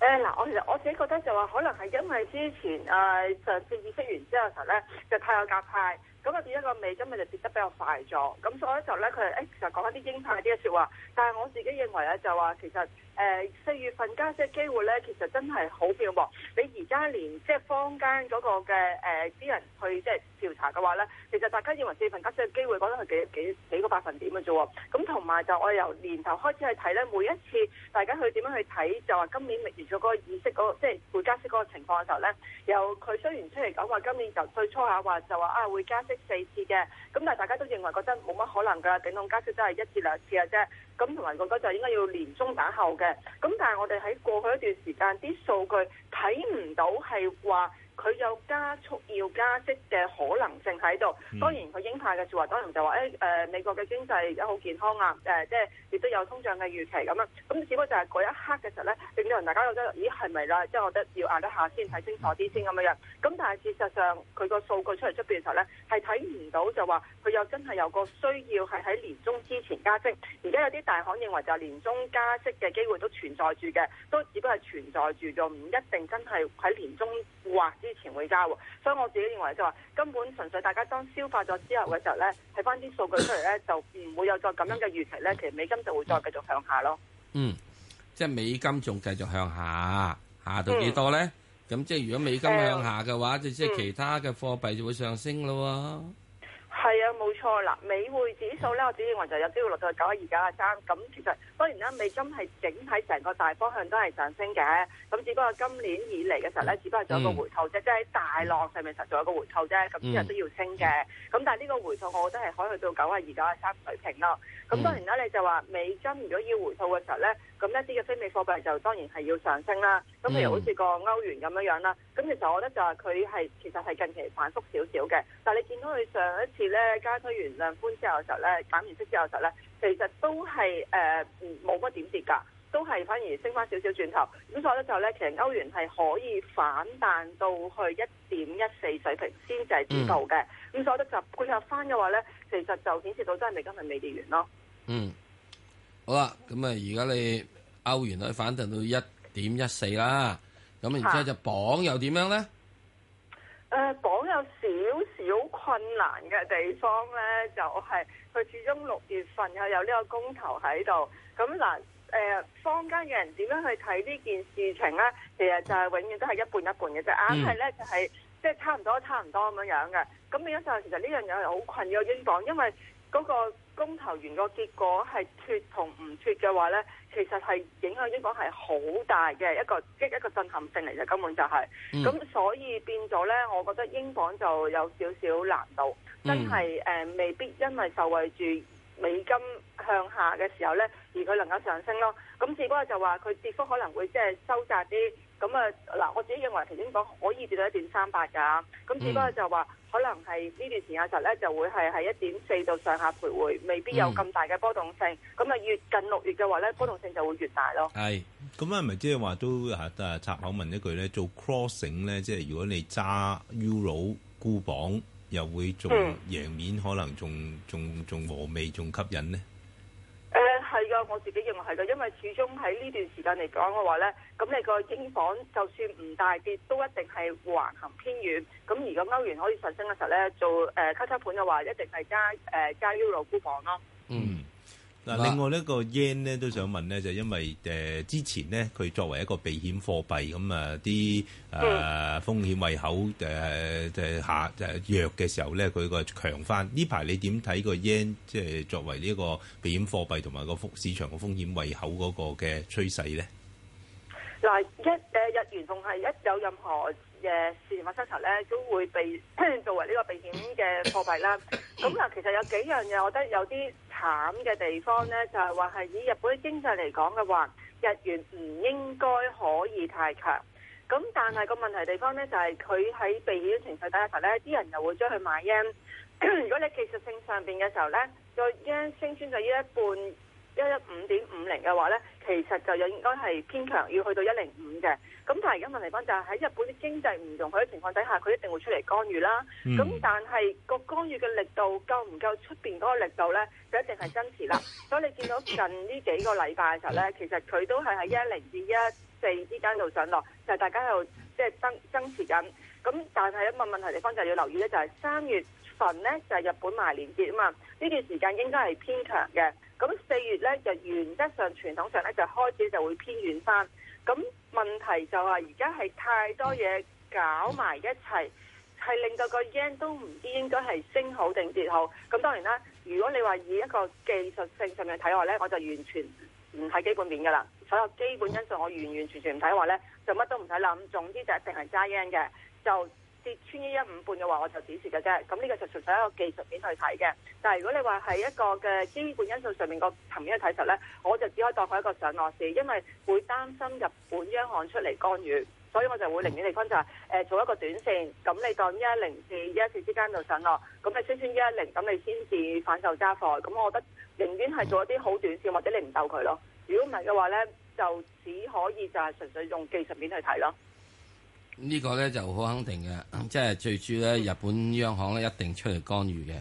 誒、欸，嗱，我其實我自己覺得就話，可能係因為之前誒上次意識完之後嘅時候咧，就太有鴿派，咁啊變一個美，今日就跌得比較快咗，咁所以就咧佢誒，其實講一啲鷹派啲嘅説話，但係我自己認為咧就話其實。誒、呃、四月份加息嘅機會咧，其實真係好渺茫。你而家連即係坊間嗰個嘅誒啲人去即係調查嘅話咧，其實大家認為四月份加息嘅機會覺得係幾幾幾個百分點嘅啫。咁同埋就我由年頭開始去睇咧，每一次大家去點樣去睇就話今年未完咗嗰個意識嗰、那個、即係會加息嗰個情況嘅時候咧，由佢雖然出嚟講話今年就最初下話就話啊會加息四次嘅，咁但係大家都認為覺得冇乜可能㗎，頂籠加息都係一至兩次嘅啫。咁同埋覺得就應該要年中打後嘅，咁但係我哋喺過去一段時間啲數據睇唔到係話。佢有加速要加息嘅可能性喺度，當然佢鷹派嘅説話，當然就話誒誒美國嘅經濟而家好健康啊，誒即係亦都有通脹嘅預期咁樣，咁只不過就係嗰一刻嘅時候咧，令到人大家覺得咦係咪啦？即係我覺得要捱一下先睇清楚啲先咁樣樣。咁但係事實上佢個數據出嚟出邊嘅時候咧，係睇唔到就話佢又真係有個需要係喺年中之前加息。而家有啲大行認為就係年中加息嘅機會都存在住嘅，都只不過係存在住，就唔一定真係喺年中或。.之前會加，所以我自己認為就話、是、根本純粹大家當消化咗之後嘅時候咧，睇翻啲數據出嚟咧，就唔會有再咁樣嘅預期咧。其實美金就會再繼續向下咯。嗯，即係美金仲繼續向下，下到幾多咧？咁、嗯、即係如果美金向下嘅話，呃、就即係其他嘅貨幣就會上升咯。係、嗯、啊，冇錯啦。美匯指數咧，我自己認為就有機會落到九二九三啊，咁其實當然啦，美金係整體成個大方向都係上升嘅。咁只不過今年以嚟嘅時候咧，只不過仲有個回吐啫，即係喺大浪上面實做有個回吐啫。咁之後都要升嘅。咁、嗯、但係呢個回吐，我覺得係可以去到九啊二、九啊三水平咯。咁當然啦、嗯，你就話美金如果要回吐嘅時候咧，咁一啲嘅非美貨幣就當然係要上升啦。咁譬如好似個歐元咁樣樣啦。咁其實我覺得就係佢係其實係近期反覆少少嘅。但係你見到佢上一次咧，加推完量寬之後嘅時候咧，減完息之後嘅時候咧，其實都係誒，呃、冇乜點跌㗎。都係反而升翻少少轉頭，咁所以咧就咧，其實歐元係可以反彈到去一點一四水平先至係知道嘅，咁、嗯、所以咧就配合翻嘅話咧，其實就顯示到真係美金係未跌完咯。嗯，好啦，咁啊，而家你歐元去反彈到一點一四啦，咁然之後就鎊又點樣咧？誒、呃，鎊有少少困難嘅地方咧，就係、是、佢始終六月份又有呢個公投喺度，咁嗱。誒坊間嘅人點樣去睇呢件事情咧？其實就係永遠都係一半一半嘅啫，硬係咧就係即係差唔多差唔多咁樣樣嘅。咁變咗就係、其實呢樣嘢係好困擾英鎊，因為嗰個公投完個結果係脫同唔脫嘅話咧，其實係影響英鎊係好大嘅一個即一個震撼性嚟嘅，根本就係、是。咁、mm. 所以變咗咧，我覺得英鎊就有少少難度，mm. 真係誒、呃、未必因為受惠住美金向下嘅時候咧。而佢能夠上升咯，咁只不過就話佢跌幅可能會即係收窄啲，咁啊嗱，我自己認為頭先講可以跌到一點三八㗎，咁只不過就話可能係呢段時間實咧就會係喺一點四到上下徘徊，未必有咁大嘅波動性，咁、嗯、啊越近六月嘅話咧波動性就會越大咯。係，咁係咪即係話都啊？得啊，插口問一句咧，做 crossing 咧，即係如果你揸 Euro 沽磅，又會仲贏面、嗯、可能仲仲仲和味仲吸引呢。係噶，我自己認為係噶，因為始終喺呢段時間嚟講嘅話呢，咁你個英鎊就算唔大跌，都一定係橫行偏軟，咁而咁歐元可以上升嘅時候呢，做誒 cut 盤嘅話，一定係加誒加 Euro 沽房咯。嗯。嗱，另外呢個 yen 呢，都想問呢，就因為誒之前呢，佢作為一個避險貨幣咁啊啲誒風險胃口誒誒下誒弱嘅時候咧，佢個強返。呢排你點睇個 yen 即係作為呢一個避險貨幣同埋個風市場個風險胃口嗰個嘅趨勢咧？嗱，一誒日元同係一有任何嘅事情發生頭咧，都會被作為呢個避險嘅貨幣啦。咁嗱，其實有幾樣嘢，我覺得有啲。慘嘅地方呢，就係話係以日本經濟嚟講嘅話，日元唔應該可以太強。咁但係個問題地方呢，就係佢喺避險情緒底下呢，啲人又會將佢買嘅。如果你技術性上邊嘅時候咧，升穿咗呢一半。一一五點五零嘅話呢，其實就應該係偏強，要去到一零五嘅。咁但係而家問題地方就係喺日本啲經濟唔容許嘅情況底下，佢一定會出嚟干預啦。咁、嗯、但係個干預嘅力度夠唔夠出邊嗰個力度呢，就一定係增持啦。 所以你見到近呢幾個禮拜嘅時候呢，其實佢都係喺一一零至一一四之間度上落，就係、係、大家喺度即係增增持緊。咁但係一問問題地方就係要留意呢就係、係、三月份就係、是、日本埋年結啊嘛，呢段時間應該係偏強嘅。咁四月呢，就原則上傳統上呢，就開始就會偏軟翻。咁問題就係而家係太多嘢搞埋一齊，係令到個 yen 都唔知應該係升好定跌好。咁當然啦，如果你話以一個技術性上面睇落呢，我就完全唔睇基本面噶啦。所有基本因素我完完全全唔睇話呢，就乜都唔使諗，咁總之就一定係揸 yen 嘅就。穿一五半嘅話，我就指示嘅啫。咁呢個就純粹係一個技術面去睇嘅。但係如果你話係一個嘅基本因素上面個層面去睇實呢，我就只可以當佢一個上落市，因為會擔心日本央行出嚟干預，所以我就會寧願嚟分就係、呃、做一個短線。咁你當一零至一四之間就上落，咁你穿穿一零，咁你先至反手揸貨。咁我覺得寧願係做一啲好短線，或者你唔鬥佢咯。如果唔係嘅話呢，就只可以就係純粹用技術面去睇咯。呢、這個咧就好肯定嘅，嗯，即係最主要咧日本央行咧一定出嚟干預嘅。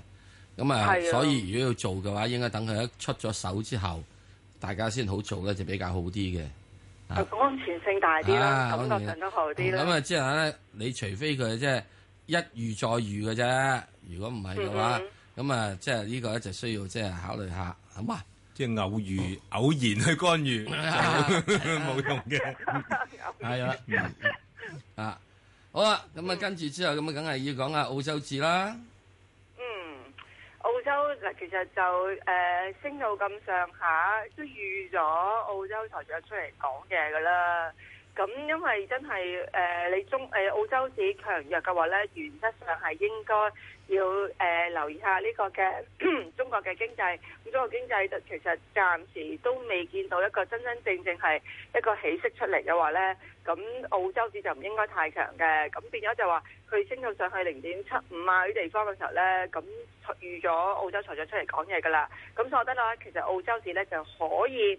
咁、嗯、啊，所以如果要做嘅話，應該等佢一出咗手之後，大家先好做咧就比較好啲嘅。安、啊、全、啊、性大啲啦、啊，感覺都好啲咁啊。之後咧，你除非佢即係一遇再遇嘅啫。如果唔係嘅話，咁、嗯嗯嗯、啊，即係呢個一直需要即係考慮下。咁啊，即係偶遇偶然去干預冇用嘅。係啊。 啊，好啦、啊，咁啊跟住之後咁啊，梗、嗯、係要講下澳洲市啦。嗯，澳洲嗱其實就誒、呃、升到咁上下，都預咗澳洲台長出嚟講嘢噶啦。咁、嗯、因為真係誒、呃、你中誒、呃、澳洲市強弱嘅話咧，原則上係應該要誒、呃、留意下呢個嘅中國嘅經濟。咁中國經濟就其實暫時都未見到一個真真正正係一個起色出嚟嘅話咧。咁澳洲市就唔應該太強嘅，咁變咗就話佢升到上去零點七五啊啲地方嘅時候呢，咁預咗澳洲財長出嚟講嘢㗎喇，咁所以我覺得呢，其實澳洲市呢就可以，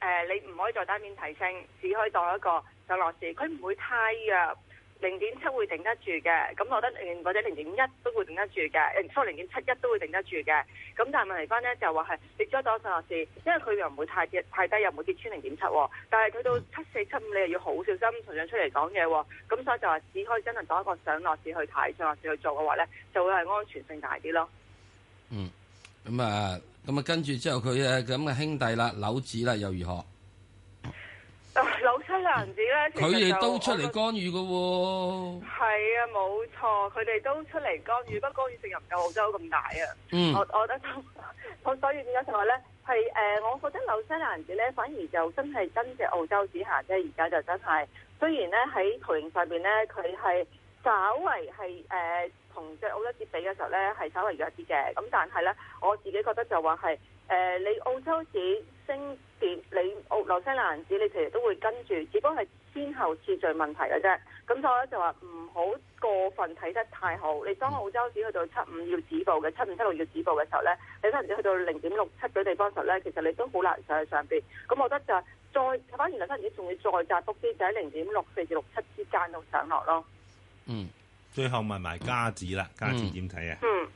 呃、你唔可以再單面提升，只可以當一個上落市，佢唔會太弱。零點七會頂得住嘅，咁我覺得，或者零點一都會頂得住嘅，誒，零點七一都會頂得住嘅。咁但係問題翻呢，就話係跌咗可以上落市，因為佢又唔會太跌太低，又唔會跌穿零點七。但係佢到七四七五，你又要好小心，同上出嚟講嘢。咁所以就話只可以真係當一個上落市去睇，上落市去做嘅話呢，就會係安全性大啲咯。嗯，咁、嗯、啊，咁、嗯、啊，跟住之後佢啊咁嘅兄弟啦，樓子啦又如何？ 西蘭子咧，佢哋都出嚟干預嘅喎、哦。係啊，冇錯，佢哋都出嚟干預，不過干預性又唔夠澳洲咁大啊。嗯、我我咧就我所以點解就話咧係誒，我覺得紐西蘭子咧反而就真係跟隻澳洲之下啫。而家就真係雖然咧喺體形上邊咧，佢係稍微係誒同隻澳洲子接比嘅時候咧係稍微弱啲嘅，咁但係咧我自己覺得就話係。誒、呃，你澳洲紙升跌，你澳紐西蘭紙，你其實都會跟住，只不過係先後次序問題嘅啫。咁所以我就話唔好過分睇得太好。你當澳洲紙去到七五要止步嘅，七五七六要止步嘅時候咧，你當時去到零點六七嘅地方時候咧，其實你都好難再喺上邊。咁我覺得就係再反而紐西蘭紙，仲要再窄幅啲，就喺零點六四至六七之間度上落咯。嗯，最後咪埋加紙啦，加紙點睇啊？嗯。嗯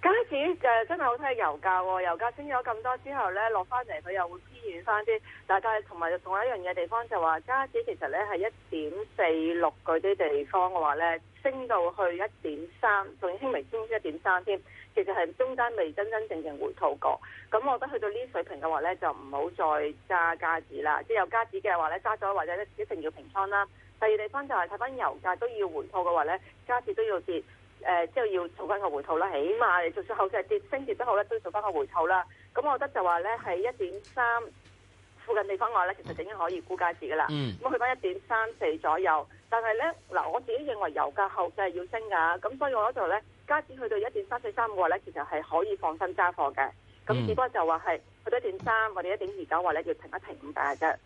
加紙誒，真係好睇油價，哦，油價升咗咁多之後咧，落翻嚟佢又會偏軟翻啲。但係同埋仲有一樣嘢地方就話，加紙其實咧係一點四六嗰啲地方嘅話咧，升到去一點三，仲輕微升一點三添。其實係中間未真真正正回吐過。咁我覺得去到呢水平嘅話咧，就唔好再揸加紙啦。即係有加紙嘅話咧，揸咗或者一定要平倉啦。第二地方就係睇翻油價都要回吐嘅話咧，加紙都要跌。誒、呃，之後要做翻個回吐啦，起碼就算後嘅跌升跌都好咧，都要做翻個回吐啦。咁我覺得就話咧，喺一點三附近地方外咧，其實已經可以估家字噶啦。咁、嗯、去翻一點三四左右，但係咧嗱，我自己認為油價後嘅係要升噶，咁所以我喺度咧，家字去到一點三四三嘅話咧，其實係可以放心揸貨嘅。咁、嗯、只不過就話係去到一點三或者一點二九嘅話咧，要停一停價啫。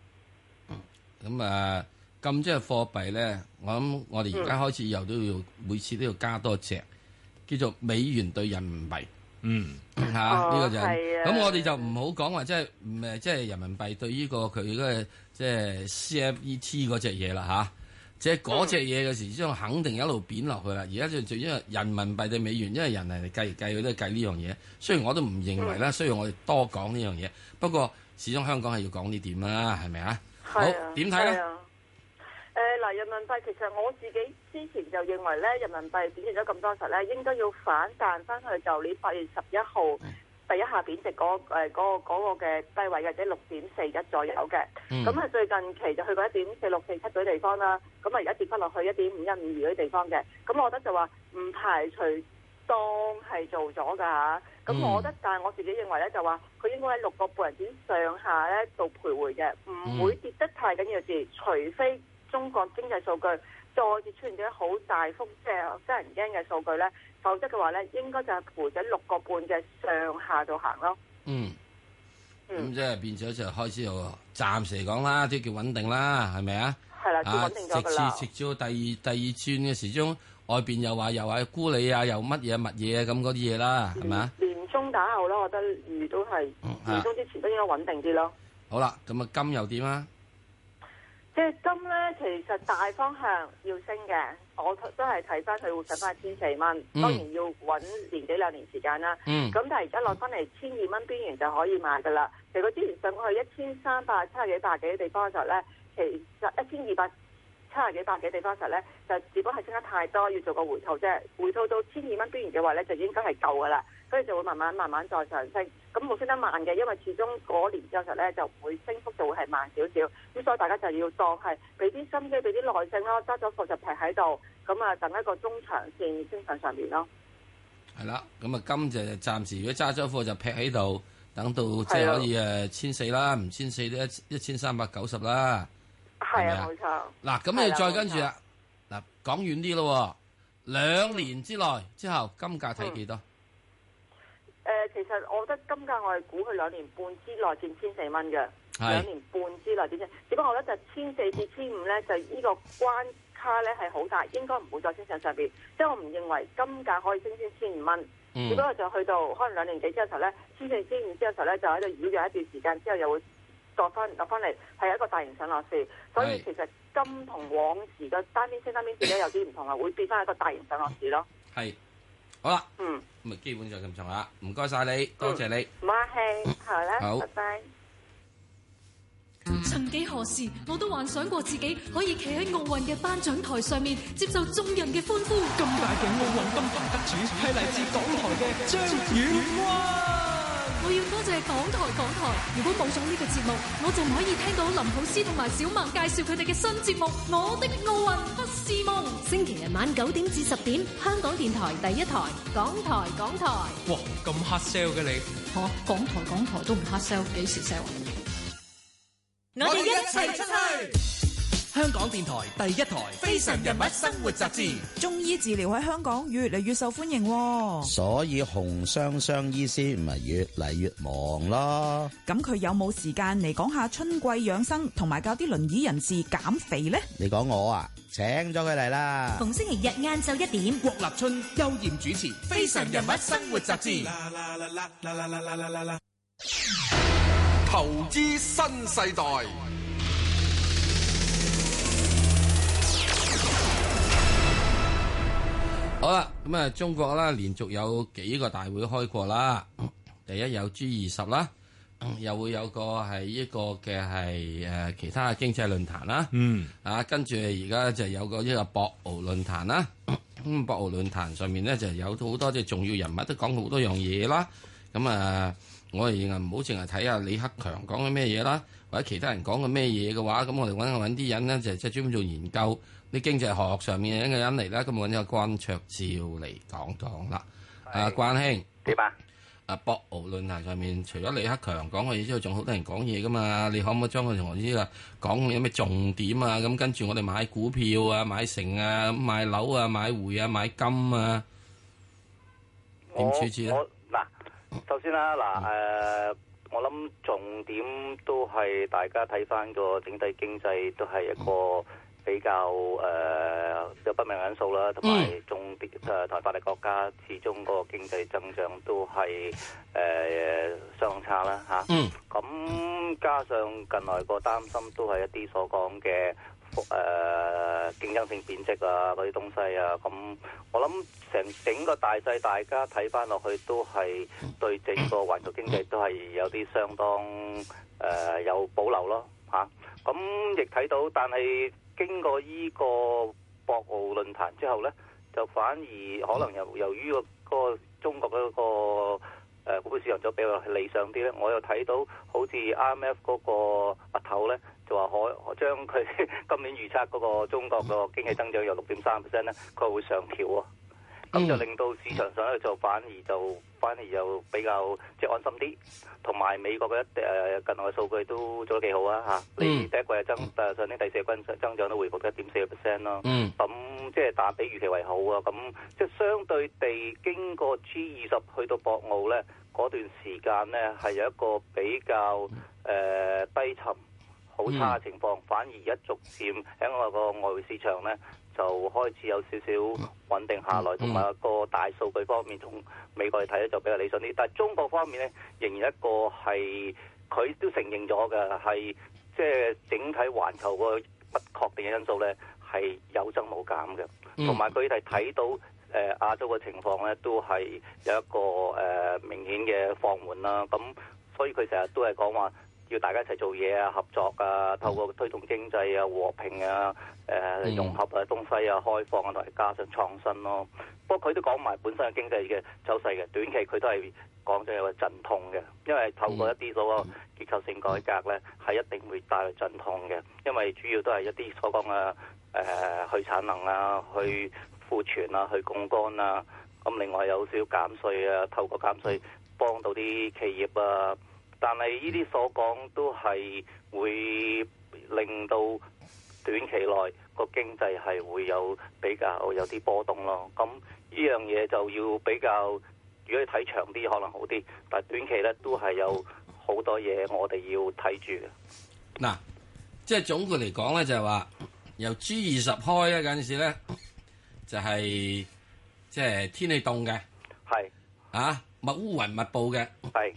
嗯，咁啊。Uh 咁即係貨幣咧，我諗我哋而家開始以後都要每次都要加多隻、嗯、叫做美元對人民幣，嗯吓呢、哦這個就咁、是嗯嗯、我哋就唔好講話，即係誒，即、就、係、是、人民幣對呢、這個佢個即係 C F E T 嗰隻嘢啦，即係嗰隻嘢嘅時，將、就是啊就是、肯定一路貶落去啦。而、嗯、家就因為人民幣對美元，因為人係嚟計計，佢都計呢樣嘢。雖然我都唔認為啦、嗯，雖然我哋多講呢樣嘢，不過始終香港係要講呢點啦，係咪啊？好點睇咧？人民幣其實我自己之前就認為咧，人民幣貶值咗咁多時咧，應該要反彈翻去舊年八月十一號第一下貶值嗰、那個、那個嘅、那個那個、低位或者六點四一左右嘅。咁、嗯、啊，最近期就去過一點四六、四七嗰啲地方啦。咁啊，而家跌翻落去一點五一、五二嗰啲地方嘅。咁我覺得就話唔排除當係做咗㗎吓，咁我覺得，但係我自己認為咧，就話佢應該喺六個半人點上下咧做徘徊嘅，唔會跌得太緊要字，除非，中國經濟數據再次出現咗好大幅即係得人驚嘅數據咧，否則嘅話咧，應該就係盤咗六個半嘅上下度行咯。嗯、咁、嗯、即係變咗就開始又暫時講啦，即叫穩定啦，係咪啊？係啦，穩定咗噶啦。直至直至第二第二轉嘅時鐘外邊又話又話沽你啊，又乜嘢乜嘢咁嗰啲嘢啦，係咪啊？年終打後咯，我覺得而都係年終之前都應該穩定啲咯。好啦，咁啊金又點啊？即係金咧，其實大方向要升嘅，我都係睇翻佢會上翻千四蚊。當然要揾年幾兩年時間啦。咁、嗯、但係而家落翻嚟千二蚊邊緣就可以買噶啦。其實佢之前上去一千三百七十幾百幾嘅地方嘅時候咧，其實一千二百七十幾百幾地方嘅時候咧，就只不過係升得太多要做個回吐啫。回吐到千二蚊邊緣嘅話咧，就應該係夠噶啦。所以就會慢慢慢慢再上升，咁冇升得慢嘅，因為始終嗰年之後呢，咧就會升幅度會係慢少少，咁所以大家就要當係俾啲心機，俾啲耐性咯，揸咗貨就劈喺度，咁啊等一個中長線升上上面咯。係啦，咁啊金就暫時如果揸咗貨就劈喺度，等到即係可以誒千四啦，唔千四都一一千三百九十啦，係啊冇錯。嗱咁你再跟住啦，嗱講遠啲咯，兩年之內之後金價睇幾多？嗯我覺得金價我係估佢兩年半之內佔千四蚊嘅，的嗯、兩年半之內點啫？只不過我覺得就千四至千五咧，就呢個關卡咧係好大，應該唔會再升上上邊。即係我唔認為金價可以升穿千五蚊。嗯、只不過就去到可能兩年幾之後頭咧，千四千五之後頭咧就喺度繞咗一段時間之後又會落翻落翻嚟，係一個大型上落市。所以其實金同往時嘅單邊升 單邊跌咧有啲唔同啦，會變翻一個大型上落市咯。係。好啦，嗯，咁咪基本上咁上下，唔該晒你，多謝你，唔、嗯、客氣，好啦，拜拜。曾幾何時，我都幻想過自己可以企喺奧運嘅頒獎台上面，接受眾人嘅歡呼。咁大嘅奧運金牌得主，係嚟自港台嘅張雨綺。我要多謝港台，港台。如果冇咗呢個節目，我就唔可以聽到林老師同埋小孟介紹佢哋嘅新節目《我的奧運不是夢》星期日晚九點至十點，香港電台第一台，港台，港台。哇，咁 hard sell 嘅你？我、啊、港台，港台都唔 hard sell，幾時 sell？我哋一齊出去。香港電台第一台《非常人物生活雜誌》，中醫治療喺香港越嚟越受歡迎，哦，所以紅雙雙醫師咪越嚟越忙咯。咁佢有冇時間嚟講下春季養生，同埋教啲輪椅人士減肥呢？你講我啊，請咗佢嚟啦。逢星期日晏晝一點，郭立春、邱艷主持《非常人物生活雜誌》。投資新世代。好啦，咁啊，中國啦，連續有幾個大會開過啦，第一有 G 二十啦，又會有個係呢個嘅係誒其他嘅經濟論壇啦，嗯，啊，跟住而家就有個呢個博鰲論壇啦，咁、嗯、博鰲論壇上面咧就有好多啲重要人物都講好多樣嘢啦，咁啊，我哋唔好淨係睇下李克強講緊咩嘢啦，或者其他人講緊咩嘢嘅話，咁我哋搵下搵啲人咧就即係專門做研究。啲經濟學上面嘅嘢嚟啦，咁我揾咗關卓照嚟講講啦。阿關兄點啊？阿博鰲論壇上面除咗李克強講嘅嘢之外，仲好多人講嘢噶嘛？你可唔可以將佢同我知啊？講有咩重點啊？咁跟住我哋買股票啊、買城啊、買樓啊、買匯啊、買金啊，點處處咧？嗱，首先啦，嗱，誒，我諗重點都係大家睇翻個整體經濟都係一個。比較誒、呃、有不明因素啦，同埋重啲台灣嘅國家始終嗰個經濟增長都係誒、呃、相差啦咁，啊啊、加上近來個擔心都係一啲所講嘅誒競爭性貶值啊嗰啲東西啊。咁我諗成整，整個大勢，大家睇翻落去都係對整個環球經濟都係有啲相當誒、呃、有保留咯，咁亦睇到，但係。經過呢個博鰲論壇之後呢，就反而可能由由於個中國嗰個、呃、股票市上咗比較理想啲呢，我又睇到好似 IMF 嗰個阿頭呢，就話可將佢今年預測嗰個中國個經濟增長由六點三 percent 呢，佢會上調咁、嗯、就令到市場上咧就反而就反而又比較即係安心啲，同埋美國嘅一誒近來數據都做得幾好啊！你、嗯、嚟第一季嘅增上年第四季增長都回復咗一點四個 percent 咯。咁即係打比預期為好啊！咁即係相對地經過 G 二十去到博鰲咧嗰段時間咧係有一個比較誒、呃、低沉。好差嘅情況、嗯，反而一逐漸喺外國個外匯市場咧，就開始有少少穩定下來，同、嗯、埋、嗯、個大數據方面同美國嚟睇咧就比較理想啲。但係中國方面咧，仍然一個係佢都承認咗嘅，係即係整體環球個不確定嘅因素咧係有增冇減嘅，同埋佢哋睇到誒、呃、亞洲嘅情況咧都係有一個誒、呃、明顯嘅放緩啦。咁所以佢成日都係講話，要大家一齊做嘢啊，合作啊，透過推動經濟啊、和平啊、誒、呃嗯、融合啊、東西啊、開放啊，同埋加上創新咯、啊。不過佢都講埋本身嘅經濟嘅走勢嘅，短期佢都係講咗有個陣痛嘅，因為透過一啲嗰個結構性改革咧，係、嗯、一定會帶嚟陣痛嘅，因為主要都係一啲所講嘅誒去產能啊、去庫存啊、去槓桿啊，咁另外有少少減稅啊，透過減稅幫到啲企業啊。但係呢啲所講都係會令到短期內個經濟係會有比較有啲波動咯。咁呢樣嘢就要比較，如果你睇長啲可能好啲，但短期咧都係有好多嘢我哋要睇住嘅。嗱，即係總括嚟講咧，就係話由 G 二十開嗰陣時咧，就係即係天氣凍嘅，係啊，密烏雲密布嘅，係。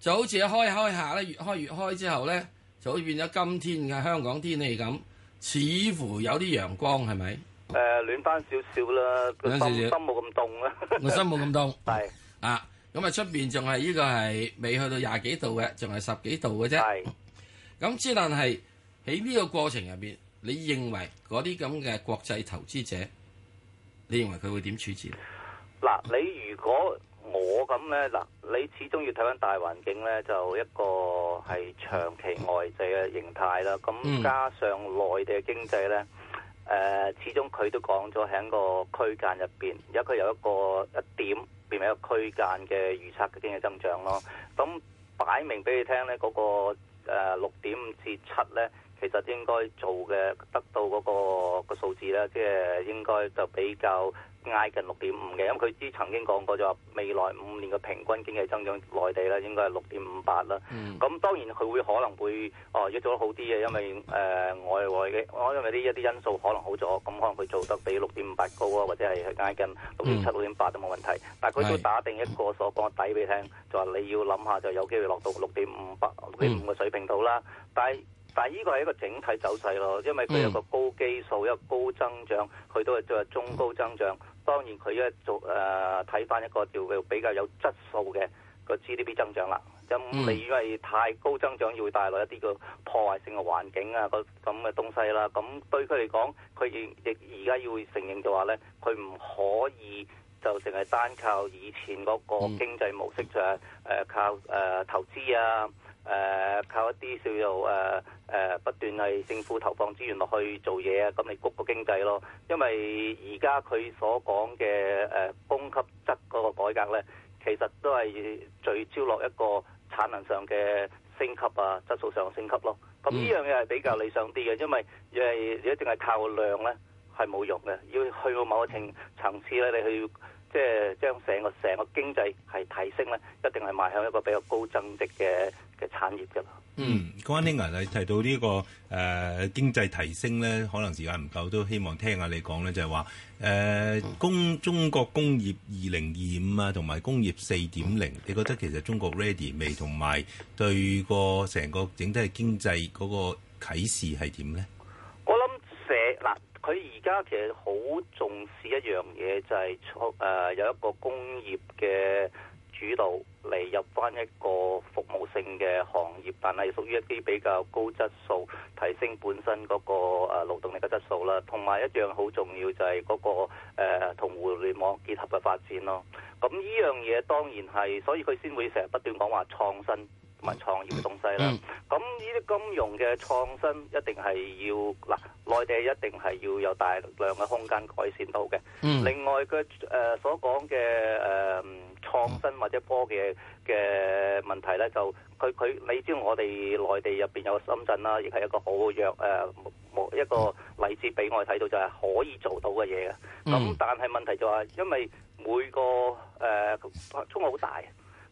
就好似一開開下咧，越開越開之後咧，就好似變咗今天嘅香港天氣咁，似乎有啲陽光係咪？誒，暖翻少少啦，少少，心冇咁凍啦。我心冇咁凍。係啊，咁啊出邊仲係呢個係未去到廿幾度嘅，仲係十幾度嘅啫。係咁，之但係喺呢個過程入邊，你認為嗰啲咁嘅國際投資者，你認為佢會點處置？嗱，你如果我咁咧，嗱，你始終要睇翻大環境咧，就一個係長期外在嘅形態啦。咁加上內地嘅經濟咧、呃，始終佢都講咗喺個區間入邊，而家佢有一個一點變為一個區間嘅預測嘅經濟增長咯。咁擺明俾你聽咧，嗰、那個六點五至七咧，其實應該做嘅得到嗰、那個、那個數字咧，即、就、係、是、應該就比較挨近六點五嘅，咁佢之前曾經講過就話未來五年嘅平均經濟增長內地咧應該係六點五八啦。咁、嗯、當然佢會可能會哦一做得好啲嘅，因為誒、呃、外外嘅，可因為呢一啲因素可能好咗，咁可能佢做得比六點五八高啊，或者係挨近六點七、六點八都冇問題。但係佢都打定一個所講底俾你聽，就話、是、你要諗下就有機會落到六點五八、六點五嘅水平度啦、嗯。但係但係依個係一個整體走勢咯，因為佢有一個高基數、一個高增長，佢都係做中高增長。當然佢一做誒睇翻一個叫比較有質素嘅個 GDP 增長啦。咁你因為太高增長，要帶來一啲個破壞性嘅環境啊，嗰咁嘅東西啦。咁對佢嚟講，佢亦亦而家要承認就話咧，佢唔可以就淨係單靠以前嗰個經濟模式，就係誒靠誒、呃呃、投資啊。誒、呃、靠一啲叫有誒誒不斷係政府投放資源落去做嘢啊，咁嚟焗個經濟咯。因為而家佢所講嘅誒供給側嗰個改革咧，其實都係聚焦落一個產能上嘅升級啊，質素上嘅升級咯。咁呢樣嘢係比較理想啲嘅，因為因為如果淨係靠量咧係冇用嘅，要去到某個程層次咧，你去。即係將成個成個經濟係提升咧，一定係邁向一個比較高增值嘅嘅產業噶啦。嗯，關天鴛、啊、你提到呢、這個誒、呃、經濟提升咧，可能時間唔夠，都希望聽下你講咧，就係話誒工中國工業二零二五啊，同埋工業四點零，你覺得其實中國 ready 未，同埋對個成個整體經濟嗰個啟示係點咧？佢而家其實好重視一樣嘢，就係出有一個工業嘅主導嚟入翻一個服務性嘅行業，但係屬於一啲比較高質素提升本身嗰個誒勞動力嘅質素啦。同埋一樣好重要就係嗰個同互聯網結合嘅發展咯。咁呢樣嘢當然係，所以佢先會成日不斷講話創新。同埋創業嘅東西啦，咁呢啲金融嘅創新一定係要嗱，內地一定係要有大量嘅空間改善到嘅、嗯。另外佢誒、呃、所講嘅誒創新或者科技嘅問題咧，就佢佢，你知道我哋內地入邊有深圳啦、啊，亦係一個好弱誒、呃、一個例子俾我睇到，就係可以做到嘅嘢嘅。咁、嗯、但係問題就係因為每個中國好大。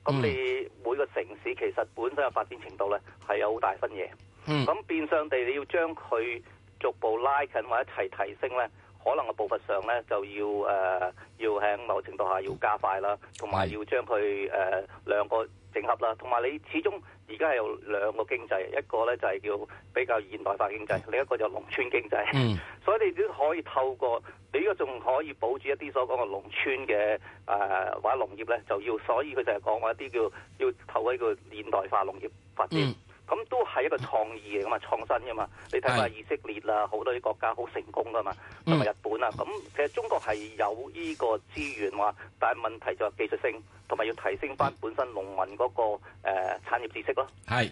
咁、嗯、你每個城市其實本身嘅發展程度咧係有好大分野。咁、嗯、變相地你要將佢逐步拉近或者一齊提升咧，可能嘅步伐上咧就要誒、呃、要喺某程度下要加快啦，同埋要將佢誒、呃、兩個整合啦，同埋你始終而家係有兩個經濟，一個咧就係叫比較現代化經濟，另一個就係農村經濟。嗯，所以你都可以透過你依家仲可以保住一啲所講嘅農村嘅誒、呃，或者農業咧，就要所以佢就係講話一啲叫要透過一個現代化農業發展。嗯。咁都係一個創意嚟嘛，咁創新嚟嘛。你睇下以色列啦、啊，好多啲國家好成功噶嘛，同、嗯、埋日本啦、啊。咁其實中國係有呢個資源話，但係問題就係技術性，同埋要提升翻本身農民嗰、那個誒、呃、產業知識咯。係，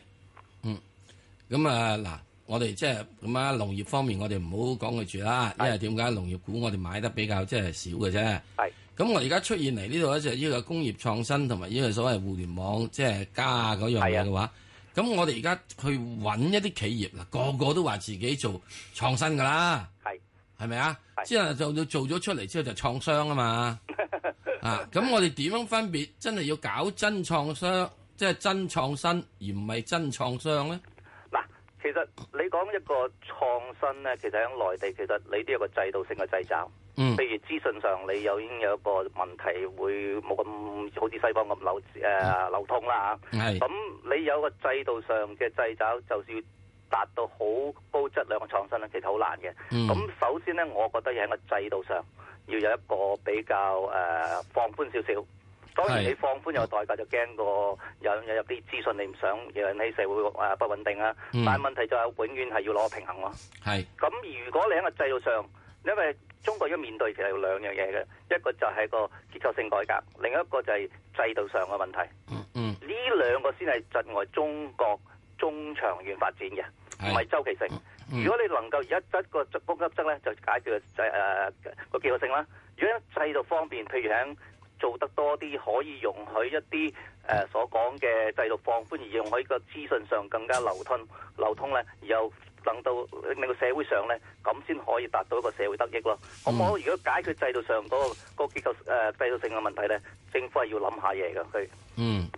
嗯，咁啊嗱，我哋即係咁啊，農業方面我哋唔好講佢住啦，因為點解農業股我哋買得比較即係、就是、少嘅啫。係，咁我而家出現嚟呢度就係呢個工業創新同埋呢個所謂互聯網即係、就是、加嗰樣嘢嘅話。咁我哋而家去揾一啲企業啦，個個都話自己做創新噶啦，係係咪啊？之後就做做咗出嚟之後就創傷啊嘛， 啊！咁我哋點樣分別真係要搞真創傷，即係真創新而唔係真創傷咧？嗱，其實你講一個創新咧，其實喺內地其實你都有個制度性嘅掣肘，嗯，譬如資訊上你有已經有一個問題，會冇咁好似西方咁流、呃、流通啦嚇，咁你有個制度上嘅製造，就是要達到好高質量嘅創新咧，其實好難嘅。咁、嗯、首先咧，我覺得要喺個制度上要有一個比較誒、呃、放寬少少。當然你放寬有個代價，就驚個有有有啲資訊你唔想，引起社會誒、不穩定啊、嗯。但問題就係永遠係要攞平衡咯。係。咁如果你喺個制度上，因為中國要面對其實有兩樣嘢嘅，一個就係個結構性改革，另一個就係制度上嘅問題。嗯嗯，呢兩個先係窒礙中國中長遠發展嘅，唔、嗯、係周期性、嗯嗯。如果你能夠而一得個供給側咧，就解決、就是呃那個制誒個結構性啦。如果制度方面，譬如喺做得多啲，可以容許一啲誒、呃、所講嘅制度放寬，而容許一個資訊上更加流通。流通咧，又……到令到令到社會上咧，咁先可以達到一個社會得益咯。咁我、嗯、如果解決制度上嗰、嗰個、嗰個結構制度、呃、性嘅問題咧，政府係要諗下嘢嘅。佢嗯，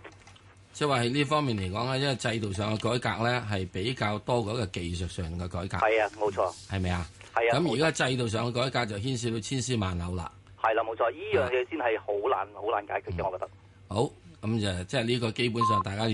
即係話喺呢方面嚟講咧，因為制度上嘅改革咧係比較多嗰個技術上嘅改革。係啊，冇錯，係咪啊？係啊。咁而家制度上嘅改革就牽涉到千絲萬縷啦。係啦、啊，冇錯，呢樣嘢先係好難好難解決嘅、嗯，我覺得。好，咁就即係呢個基本上大家。